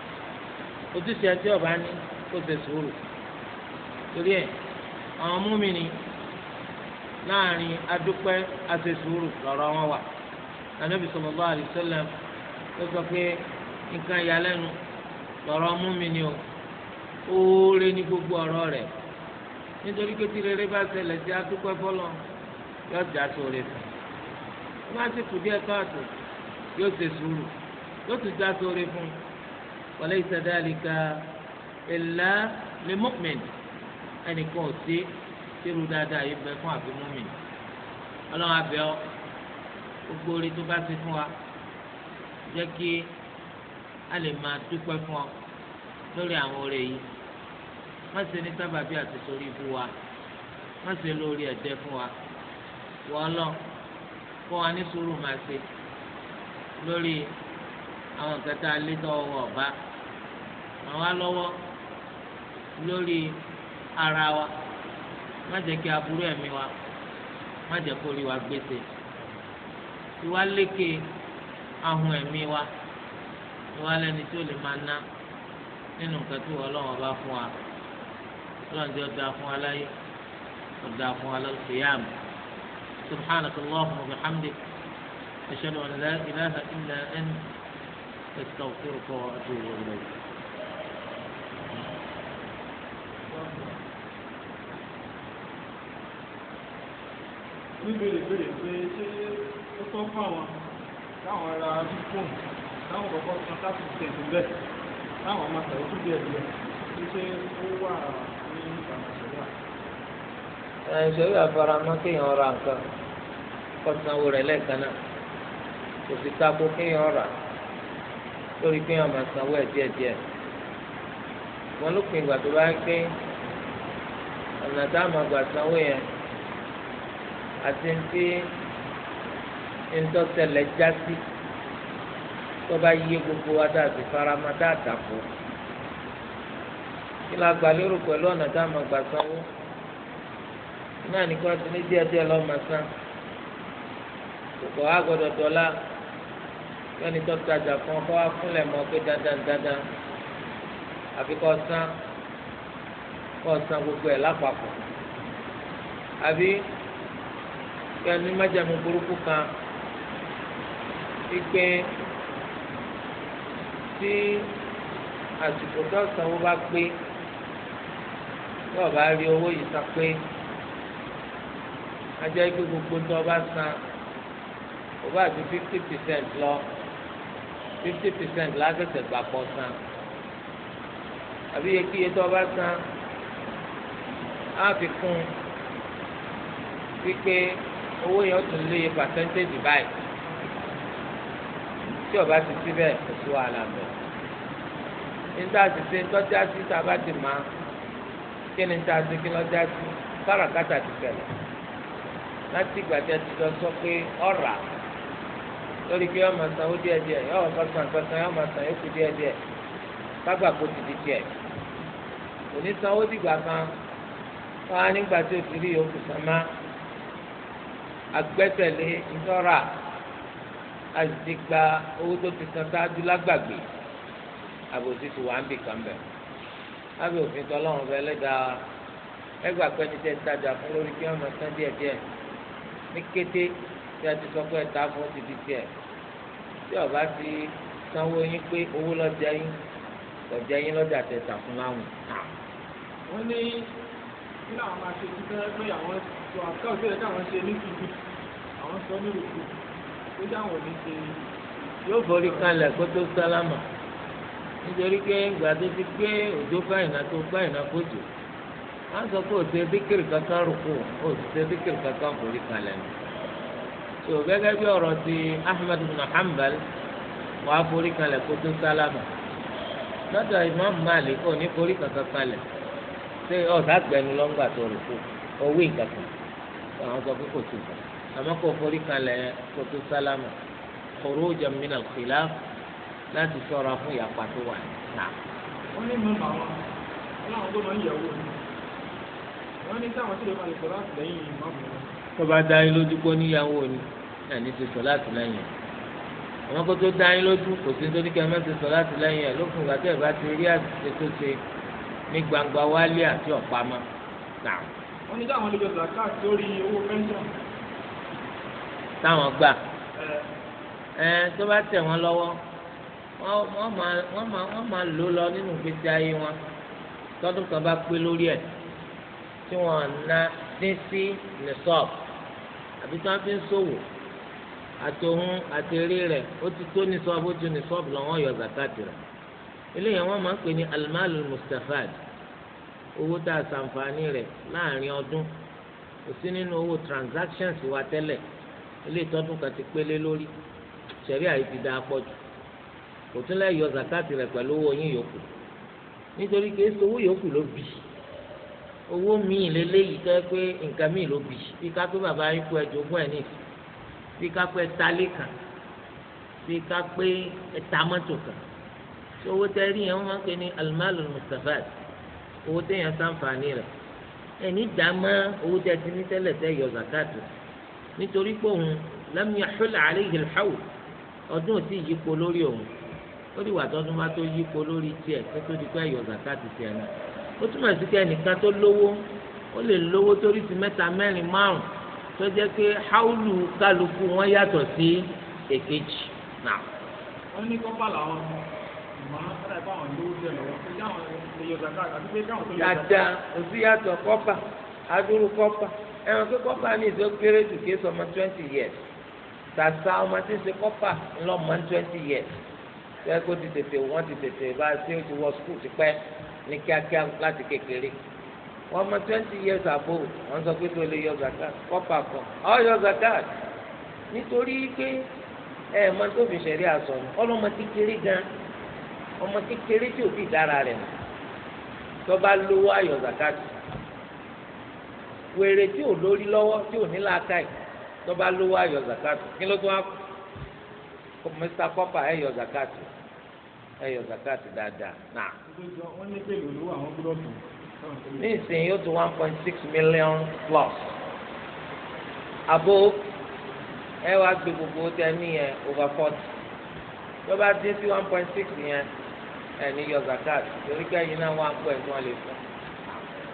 ojúṣe ẹ̀ tí ọ̀bá ní kó ṣe sùúrù torí ẹ̀ àwọn múmini láàrin adúpẹ́ àṣesùúrù lọ́rọ̀ wọn wà Ànábì sallallahu alaihi wasallam ló sọ pé nǹkan ìyàlẹ́nu lọ́rọ̀ múmini o oore ní gbogbo ọ̀rọ̀ rẹ̀ nítorí pé tí rere bá ṣẹlẹ̀ sí adúpẹ́ fọlọ́ yóò já sóore fún un má sì kù díẹ̀ káàtó yóò ṣe sùúrù yóò tún já sóore fún un walaysa dhalika illa lil mu'min ẹnìkan ò sí tẹ́lu dáadáa yìí bẹ fún àfi múmi ọlọ́run abẹ́ ọ gbogbo orí tó bá ti fún wa jẹ́ kí a lè máa dúpẹ́ fún ọ lórí àwọn oore yìí má ṣe ní sábàbí àti sórí ibú wa má ṣe lórí ẹ̀jẹ̀ fún wa wọ́n lọ kó wa ní sùúrù máa ṣe lórí àwọn nǹkan tá a àwọn alọ́wọ́ lórí ara wa má jẹ́ kí aburú ẹ̀mí wa má jẹ́ kó rí wa gbèsè tiwa lékè ahun ẹ̀mí wa tiwa lẹ́ni tí ó lè máa ná nínú nǹkan tí Ọlọ́run bá fún wa Ọlọ́run tí ó fún wa láyé ó fún wa lọ́sọ̀yàmù subhanak allahumma wa bihamdik ashhadu an la ilaha illa anta astaghfiruka wa atubu ilayk. níbèrè bèrè pé ṣé ó tọ́ fún àwọn táwọn ra fífún táwọn kọ̀ọ̀kan san thirty percent bẹ́ẹ̀ táwọn máa tẹ̀wé tó díẹ̀ díẹ̀ ṣé ṣé ó wà ní ìlànà ìṣẹ̀lẹ̀ àná. ìṣòro àfaramọ́ kéèyàn ra nǹkan kó sanwó rẹ̀ lẹ́ẹ̀kan náà kò sì tako kéèyàn rà lórí kéèyàn máa sanwó ẹ̀ díẹ̀díẹ̀ wọn ló pin ìgbà tó bá ń pín ọ̀nà táwọn àgbà sanwó yẹn àti ntí ntọ́sẹ̀lẹ̀ jásí tó bá yé gbogbo wa tá a ti farama tá a dàpọ̀ kí la gbà lérò pẹ̀lú ọ̀nà tá a máa gbà sanwó náà ní kó ní díẹ̀ díẹ̀ lọ́ọ́ máa san kòkò á gbọ́dọ̀ dọ́là yọ́nì tó tajà fún ọ kó wá fúnlẹ̀ mọ́ pé dandan dandan àfi kó san kó san gbogbo ẹ̀ lápapọ̀ àbí kí a ní májàmú burúkú kan wípé tí àsìkò tó sanwó bá pé tí ọba rí owó yìí sá pé ajá ikú gbogbo tó ọba san ọba àti fifty percent lọ fifty percent lásẹsẹ gbà pọ san àbí iye kíye tó ọba san á fi kún wípé owó yẹn ó tún lé pàṣẹ́ntéèjì báyìí tí ọba ti síbẹ̀ kò sí wàhálà mọ́ níta ti ṣe tọ́já sí sábà ti má kí ni ta ṣe kí lọ́jà sí káràkátà ti bẹ̀rẹ̀ láti ìgbà tí a ti lọ sọ pé ọ̀rà lórí pé ọmọ san ó díẹ̀ díẹ̀ yọ ọmọ san kankan yọ ọmọ san yókù díẹ̀ díẹ̀ kágbà kó ti di tiẹ̀ òní san ó dìgbà kan wọn á nígbà tí o ti rí yòókù san máa agbẹ́sẹ̀lé ńtọ́ra àzìgbà owó tó ti san sáájú lágbàgbé àbòsí ti wà ń bì kan bẹ̀. lábẹ́ òfin tọ́lọ́run fẹ́ lẹ́dàá ẹgbà pẹ́ni tẹ́ tajà fún lórí kí wọ́n máa san díẹ̀díẹ̀ ní kété tí a ti sọ pé ẹ̀ta fún ti di tiẹ̀ tí ọba ti sanwó yín pé owó lọ́jà yín lọ́jà yín lọ́jà tẹ̀ tà fún láwùn. wọ́n ní kí làwọn máa ṣe kí fẹ́rẹ́ pé àwọn sọ àkọ́ ìṣẹ̀lẹ̀ káwọn ṣe ní kìkì àwọn sọ ní òkú ó dáwọn ò ní ṣe. yóò forí kanlẹ̀ kó tó sálámà nítorí pé ìgbà tó ti gbé òjò báyìí tó báyìí náà kó jù wọ́n sọ pé òṣèré díkìrì kankan rúkú òṣèré díkìrì kankan forí kanlẹ̀ ni. tó gẹ́gẹ́ bí ọ̀rọ̀ ti Ahmad bin Hanbal wàá forí kanlẹ̀ kó tó sálámà lọ́dọ̀ Imam Malik kò ní forí kankan kanlẹ̀ ṣé ọ̀sà gbẹnu lọ́ngbà tó rò kó owó ìgbàkan àwọn sọ pé kò sí ìgbà àmọ́ kò forí kalẹ̀ kó tó sálámà kòró jẹmínà kìlá láti ṣọ́ra fún ìyapa tó wà nà. wọ́n ní mọ́mọ́ àwọn ọlọ́run gbọ́dọ̀ ń yẹ̀wò wọ́n ní táwọn sílẹ̀ máa lè sọ láti lẹ́yìn ìmọ̀ọ́mù wọn. tó bá dá yín lójú pé níyàwó ni ẹni ti sọ láti lẹ́yìn àwọn kó tó dá yín lójú kò sí nítorí kí ẹ má ti sọ láti lẹ́yìn ẹ lókun ìgbà tẹ́ ẹ bá ti rí àtúnṣe tó ṣe ní gbangba wálé àti ọ̀pamọ́ náà. wọ́n ní táwọn olùgbé zakat lórí owó pension. táwọn gbà ẹ tó bá tẹ̀ wọ́n lọ́wọ́ wọ́n máa wọ́n máa wọ́n máa lò lọ nínú ìgbésí ayé wọn tọ́dún kan bá pé lórí ẹ̀ tí wọ́n na dín sí nìsọ́ọ̀bù àbí tí wọ́n fi ń ṣòwò àtòhun àtèrè rẹ̀ ó ti tó nìsọ́ọ̀bù ó ti nìsọ́ọ̀bù lọ́wọ́ yọ zakat rẹ̀ eléyìí wọ́n máa ń pè ní almalu mustafad owó tá a ṣàǹfààní rẹ̀ láàrin ọdún kò sí nínú owó transactions wa tẹ́lẹ̀ ilé ìtọ́dún kan ti pélé lórí ṣẹ̀rí àyè ti dáa pọ̀ jù kò tún lẹ́yọ zakati rẹ̀ pẹ̀lú owó yín yòókù nítorí kí owó yòókù ló bì owó míì lélẹ́yìí tó yẹ pé nǹkan míì ló bì bí ká bàbá yín kú ẹjọ́ ogún ẹ̀ ní bí ká pé kan bí ká pé mọ́tò kan tí owó tẹ rí yẹn wọ́n máa ń pè ní alimalu mustafad owó tẹ yẹn sànfààní rẹ̀ ẹni dàmọ́ owó tẹ ti ní tẹ́lẹ̀ tẹ́ yọ zakatu nítorí pé òun lam yahul alayhi al-hawl ọdún ò tí ì yípo lórí òun ó dìgbà tọdún bá tó yípo lórí tiẹ̀ tó tó di pé yọ zakatu tiẹ̀ náà ó túmọ̀ sí kẹ́ ẹnìkan tó lówó ó lè lówó torí ti mẹ́ta mẹ́rin márùn tó jẹ́ pé haulu kálukú wọn yàtọ̀ sí èkejì náà. wọ́n ní kọ́pà làwọn mú dada òsì yàtọ̀ kọ́pà adúrú kọ́pà ẹ̀rọ pé kọ́pà ní ìṣó kéré jù kí sọmọ twenty years tàṣà ọmọ tí ń ṣe kọ́pà ńlọmọ twenty years fẹ́ kó ti tètè wọ́n ti tètè bá a ṣe ó ti wọ skul ti pẹ́ ní kíákíá láti kékeré wọ́n mọ twenty years àbò wọ́n sọ pé tó lè yọ zakat kọ́pà kan ọ̀ yọ zakat nítorí pé ẹ̀ mọ tó fi ṣẹ̀rí àsọ̀rọ̀ ọlọ́mọ ti kéré gan-an ọmọ kékeré tí òbí dára rẹ̀ mọ̀ tó bá lówó ayọ̀ zakati wèrè tí ò lórí lọ́wọ́ tí ò ní làákàyè tó bá lówó ayọ̀ zakati kí ló tó wá kó mr kọ́pà ẹ̀yọ̀ zakati ẹ̀yọ̀ zakati dáadáa náà. ní ìsìn yóò tó one point six million plus abo ẹ wá gbé gbogbo tẹ ní yẹn over forty tó bá dín sí one point six yẹn ẹni yọ zakat torí pé ẹyin náà wà ń pọ̀ ẹ̀gbọ́n lè fún.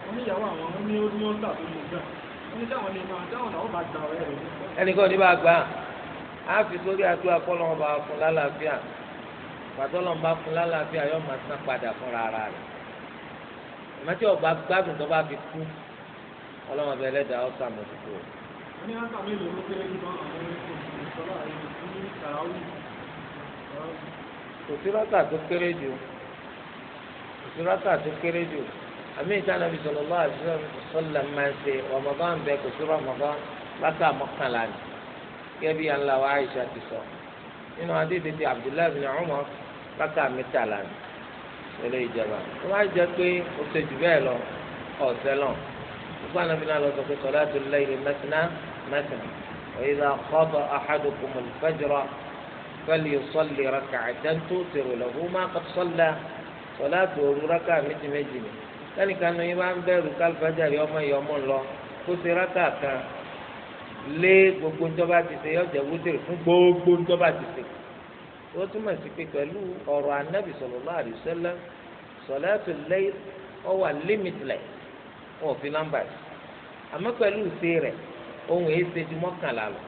oníyàwó àwọn ó ní ó ní ó ń tà tó lè gbà ó ní táwọn lè máa táwọn làwọn bá gbà ọ̀rẹ́ rẹ̀. ẹnìkan ní bá gbà á fi sórí àdúrà kọ́lọ́n bá fún lálàáfíà pàtọ́lọ́n bá fún lálàáfíà yóò máa san padà fúnra ara rẹ̀ ìmọ̀tí ọba gbádùn tó bá fi kú ọlọ́wọ́n bẹ lẹ́dàá ó sàmójútó. wọ́n ní wọ́n sàmì ìlú ló kéré jù lọ́wọ́ àwọn ìṣòro kò sí rọ́tà tó kéré jù sùràkà tó kéré jù àmì ìtànà bí sallallahu alaihi wasallam máa ń ṣe Ramadan bẹ́ẹ̀ kò sí Ramadan rákà mọ́kànlá ni kẹ́bí Allah wa Aisha ti sọ nínú adéde ti Abdullahi bin Umar rákà mẹ́tàlá ni ẹlẹ́ ìjọba wọ́n máa jẹ́ pé o ṣe jù bẹ́ẹ̀ lọ ọ̀sẹ̀ lọ nípa Ànábì náà lọ sọ pé salatul layli matna matna wa idha khaba ahadukumul fajra falyusalli rak'atan tutiru lahu ma qad salla. sọláàtì òru rákà méjì méjì ni sẹ́nìkan ní wọ́n á ń bẹ̀rù kálífàjà yọ ọmọ yọ ọmọ lọ kó ṣe rákà kan lé gbogbo ńjọba ti ṣe yọjẹ wúdìrì fún gbogbo ńjọba ti ṣe tó túmọ̀ sí pé pẹ̀lú ọ̀rọ̀ anábì sallallahu alaihi wasallam sọláàtì lẹ́yìn ọ wà límìtìlẹ̀ wọn ò fi nọ́mbà sí àmọ́ pẹ̀lú ìṣe rẹ̀ ohun èyí ṣe ju mọ́kànlá lọ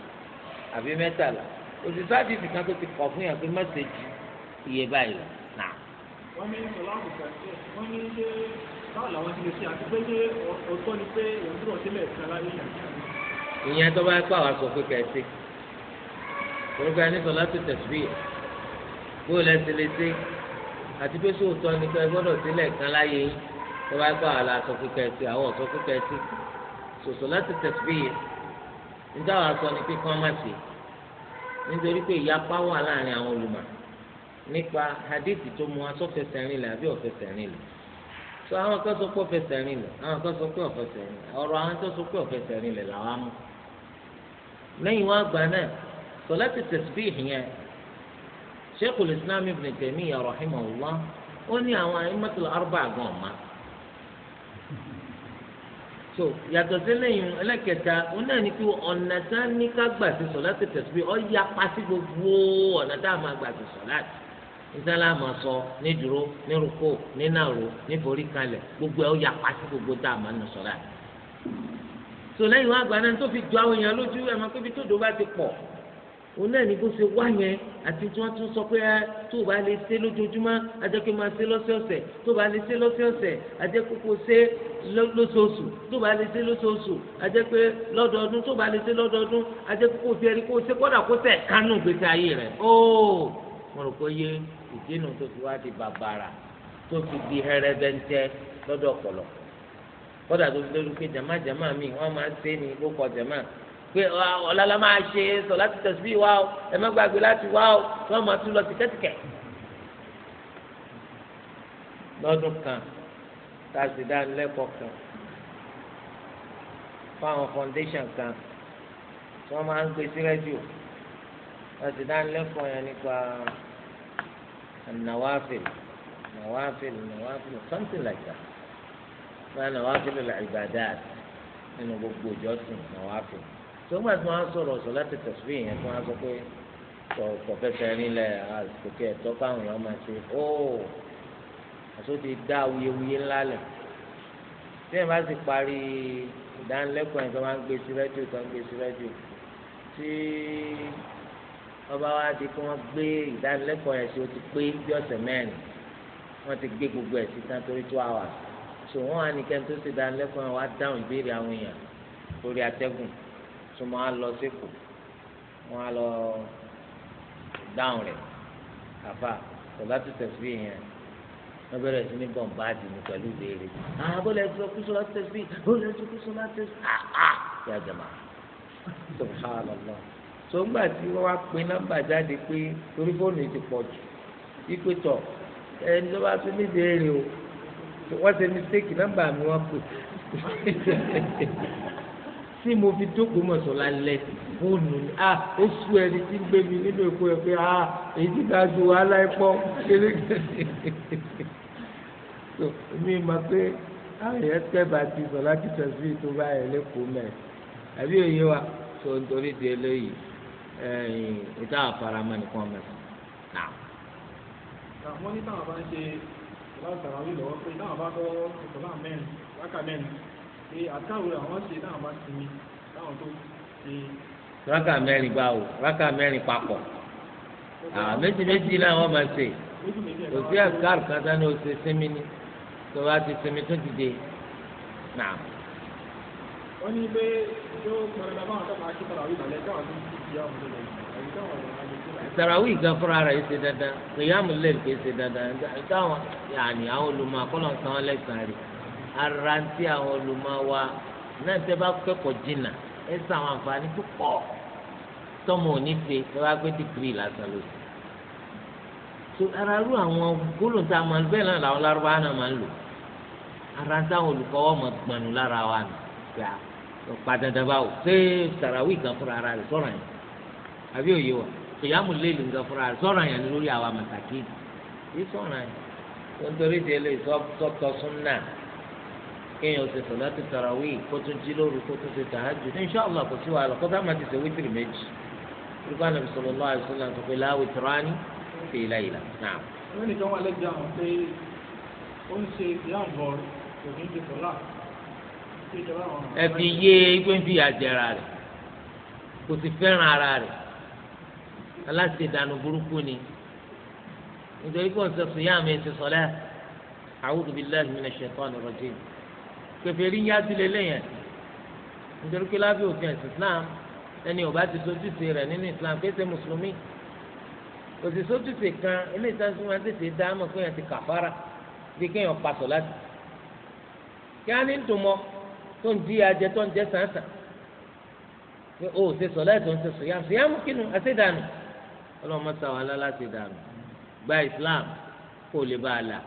àbí mẹ́tàlá òṣìṣẹ́ àdìsí kan tó ti kọ̀ fún yàn pé mẹ́sẹ̀jì iye báyìí wọ́n ní sọlá àbùkà wọ́n ní ṣé báwo làwọn ti lè ṣe àti pé ṣé ọ̀tọ̀ ni pé òǹdúrọ̀ sílẹ̀ kára ní ìyẹn tó bá yẹ kó àwọn sọ pé kẹsì orúkọ ẹni sọlá tó tẹsíbí bó lẹsẹ lè ṣe àti pé sóòótọ́ ni pé gbọ́dọ̀ sílẹ̀ kan láyé yín tó bá yẹ kó àwọn sọ pé kẹsì àwọn ọ̀sọ́ pé kẹsì sọlá tó tẹsíbí níta àwọn sọ ni nítorí pé ìyapa wà láàrin àwọn olùmọ̀ọ́ nípa hadithi tó mu aṣọ fẹsẹ̀ rìn lẹ̀ àbí ọ̀fẹsẹ̀ rìn lẹ̀ tó àwọn kan sọ pé ọ̀fẹsẹ̀ rìn lẹ̀ àwọn kan sọ pé ọ̀fẹsẹ̀ rìn lẹ̀ ọ̀rọ̀ àwọn tó sọ pé ọ̀fẹsẹ̀ rìn lẹ̀ làwọn mú. lẹ́yìn wá gbà náà sọlẹ́tì tẹ̀síbíìhì yẹn sheikhul islam ibn taymiyyah rahimahullah ó ní àwọn ayémọ́tòlá arúgbó àgàn ọ̀ma. tó yàtọ̀ sí lẹ́yìn ẹlẹ́kẹta ó náà ní kí ọ̀nà ní ká gbà sí sọlẹ́tì tẹ̀síbíìhì ọ̀ yapa sí gbogbo ọ̀nà tá gbà sí sọlẹ́tì ìsàlámà sọ ní dúró ní rúkó ní nàró ní forí kalẹ̀ gbogbo ẹ̀ ó yà pàṣẹ gbogbo tá a máa ń sọ láti. sọlẹ́yìn wá gbaná tó fi ju àwọn èèyàn lójú ẹ̀ máa pébi tó dò bá ti pọ̀ òun náà ní bó ṣe wá yẹn àti tí wọ́n tún sọ pé ẹ tó bá lè ṣe lójoojúmọ́ àjẹkù máa ṣe lọ́sọ̀ọ̀sẹ̀ tó bá lè ṣe lọ́sọ̀ọ̀sẹ̀ àjẹkù kò ṣe lóṣooṣù tó bá lè ṣe lóṣooṣù àjẹkù lọ́dọọdún tó bá lè ṣe lọ́dọọdún àjẹkù kò ṣe rí kó ṣe kó tẹ̀ kánú gbèsè ayé rẹ̀ óò mo rò pé yé ìdínú tó fi wá di bàbàrà tó fi di hẹrẹbẹntẹ lọ́dọ̀ ọpọlọ kódà tó fi lórí pé jàmájàmá mi wọn máa ń ṣe ní ló kọ jàmá pé ọ̀làlá máa ṣe sọ láti tẹ̀síbí wá o ẹ má gbàgbé láti wá o tí wọ́n máa tún lọ tìkẹ́tìkẹ́. lọ́dún kan tá a sì dánilẹ́kọ̀ọ́ kan fáwọn foundation kan tí wọ́n máa ń gbé sí rédíò tá a sì yẹn nípa. النوافل نوافل نوافل something like that fún نوافل العبادات nínú gbogbo ìjọsìn نوافل tó gbà tí wọ́n á sọ̀rọ̀ sọ láti tẹ̀síwì yẹn tí wọ́n á sọ pé kò fẹsẹ̀ nílẹ̀ àtòkè ẹ̀tọ́ káwọn èèyàn máa ṣe ó àṣọ ti dá awuyewuye ńlá lẹ̀ tí ẹ̀ bá sì parí ìdánilẹ́kọ̀ọ́ yẹn tó máa ń gbé sí rẹ́díò tó ń gbé sí rẹ́díò tí ọba wa di kí wọ́n gbé ìdánilẹ́kọ̀ọ́ yẹn sí o ti pé bí ọ̀sẹ̀ mẹ́rin wọ́n ti gbé gbogbo ẹ̀ sí tán torí two hours so wọ́n á ní kẹ́ni tó ṣe ìdánilẹ́kọ̀ọ́ yẹn wá dáhùn ìbéèrè àwọn èèyàn lórí atẹ́gùn tó wọ́n á lọ sẹ́kù wọ́n á lọ dáhùn rẹ̀ àfà sọ̀látù tẹ̀sí yẹn wọ́n bẹ̀rẹ̀ sí ní bọ̀m̀báàdì ní pẹ̀lú ìbéèrè àbọ̀lẹ̀ ah, ẹ̀sìn ọkùnrin sọ̀látù tẹ̀sí bọ̀lẹ̀ ẹ̀sìn ọkùnrin sọ̀látù tẹ̀sí àà yà jẹ̀mà subhanallah. Ah, sọgbà tí wọ́n wá pé nọ́mbà jáde pé torí fóònù ti pọ̀ jù ipe tọ̀ ẹni tó bá tún níbi èrè o wọ́n ṣe mistake nọ́mbà mi wọ́n pè tí mo fi dókòó mọ̀ sọ lálẹ́ fóònù ni a ó sú ẹni tí ń gbé mi nínú èkó ẹ pé a èyí ti ga ju wàhálà ẹ pọ́ kéré mi mọ̀ pé àwọn èèyàn tẹ́ bá ti sọ láti tẹ̀sí tó bá yẹ lẹ́kọ̀ọ́ mẹ́ àbí òye wa tó ń di eléyìí ìta àfaramọ́ nìkan mẹ́ta. àwọn ní táwọn bá ń ṣe ìlànà tàràwí lọ́wọ́ pé táwọn bá lọ́wọ́ ìkọlá mẹ́rin wákà mẹ́rin pé àtàwọn àwọn ṣe táwọn bá sinmi táwọn tó ṣe. rákà mẹ́rin báwo rákà mẹ́rin papọ̀ méjì méjì náà wọ́n máa ṣe kò sí àkàrù kan tán o ṣe sinmi ni tó bá ti sinmi tó dìde náà. wọ́n ní pé yóò pẹ̀lú ẹ̀dá báwọn tó máa kí tó ń ṣe tàràwí gan fúnra rẹ̀ ṣe dandan kìyàmù lẹ́nu kìí ṣe dandan táwọn yàní àwọn olùmọ̀ akọ́lọ̀ san án lẹ́sàn-án rẹ̀ ara ń tí àwọn olùmọ̀ wa náà tẹ́ bá kẹ́kọ̀ọ́ jìnnà ẹ sọ àwọn àǹfààní tó pọ̀ tọ́mọ ò ní ṣe ẹ wá gbé dìgírì lásán lóṣù. so ara rú àwọn gbólóńtà máa ń bẹ́ẹ̀ náà làwọn lárúbá náà máa ń lò ara táwọn olùkọ́ wọn mọ̀ gbọ̀nù lára wa nù gbà padà dábàá ò ṣé tàràwí gan fúnra rẹ̀ sọ̀rọ̀ yẹn àbí òye wa kìyàmù léèlì nǹkan fúnra rẹ̀ sọ̀rọ̀ yẹn ni lórí àwa màsàkì yìí sọ̀rọ̀ yẹn tó ń torí di eléyìí sọ́tọ̀ súnà kéèyàn ó ṣe sọ̀láàtì tàràwí kó tún jí lóru kó tún ṣe tàhájù insha Allah kò sí wàhálà kó sáà má ti ṣe wítìrì méjì irúgbà nàbì sallallahu alaihi wasallam sọ pé láwì tìrání fi layla náà. wọ́n ní kí wọ́n ṣe ìyá àbọ̀ kò ẹ fi yé pé ń fi àjẹrà rẹ̀ kò sì fẹ́ràn ara rẹ̀ aláṣẹ ìdánù burúkú ni nítorí pé ọ̀sẹ̀ sùn yá àmì ẹ̀sẹ̀ sọ̀lẹ́ a'udhu billahi minash shaitanir rajim pèpè rí yá sílẹ̀ lẹ́yìn nítorí pé lábẹ́ òfin ẹ̀sìn Islam ẹni ò bá ti sojúṣe rẹ̀ nínú Islam kéṣe mùsùlùmí kò sì sojúṣe kan ilé ìtàkùn máa tètè dá mọ̀ pé yẹn ti kàfàrà bí kéèyàn pa sọ̀láṣì kí á ní ntòmọ́ tó ń di ajẹ tó ń jẹ sàǹsàn pé o ò ṣe sọ̀láṣì tó ń ṣe sọ̀yàmù sọ̀yàmù kínú àṣẹ̀dànù ọlọ́run mọ́ta wàhálà láti dànù gba islam kó lè bá a là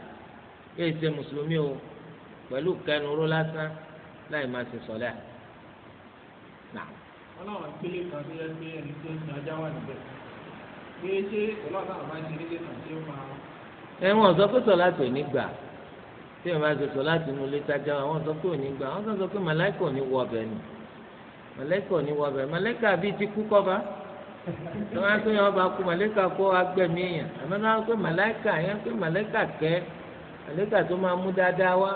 yéé ṣe mùsùlùmí o pẹ̀lú kẹnuró lásán láì máa ṣe sọ̀lẹ́ à. ọlọ́run ìpele kan tó yẹ pé ẹni tó ń sin ajá wà níbẹ̀ pé ṣé ọlọ́run àwọn máa ń ṣe nílé kan tí ó máa. ẹ wọn sọ pé sọlá tó ní gbà tí ẹ máa ṣe sọlá tó ní ilé tájá wọn sọ pé ò ní gbà wọn sọ pé màláìkà ní wọ ọbẹ ni màláìkà ní wọ ọbẹ màláìkà bíi ti kú kọ́ tó wá pé ọba kú màlẹ́kà kó agbẹ̀mí èèyàn àmọ́ náà wá pé màlẹ́kà yẹn pé màlẹ́kà kẹ́ màlẹ́kà tó máa mú dáadáa wá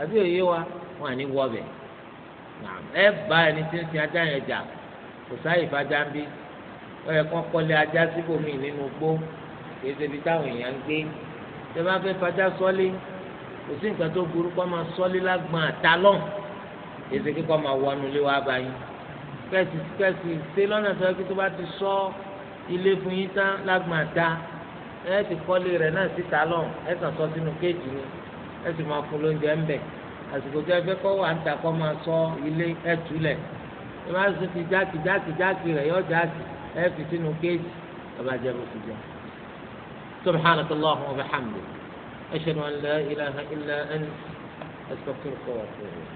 àbí òye wa wọn à ní wọ́ọ̀bẹ̀ ẹ bá ẹni tí ń sin ajá yẹn jà kò sáyè fàájà ń bí wọ́n yẹ kó kọ́lé ajá síbòmí nínú gbó kì í ṣe ibi táwọn èèyàn ń gbé tẹ bá fẹ́ fàájà sọ́lé kò sí nǹkan tó burú kó máa sọ́lé lágbọ̀n àtàlọ́n èsì kíkọ́ máa wọnú lé wá báyìí kẹsì kẹsì ṣe lọ́nà tó yẹ kí tó bá ti sọ ilé fún yín tán lágbàdá ẹ ti kọ́lé rẹ̀ náà síta lọ́hùn ẹ kàn sọ sínú kéèjì ni ẹ sì máa fún lóúnjẹ ń bẹ̀ àsìkò tó ẹ fẹ́ kọ́ wà ń ta kọ́ máa sọ ilé ẹ túlẹ̀ ẹ máa sọ ti jákì jákì jákì rẹ̀ yọ jákì ẹ fi sínú kéèjì ọbàjẹ́ bó ti jẹ́ سبحانك اللهم وبحمدك أشهد أن لا إله إلا أنت أستغفرك وأتوب إليك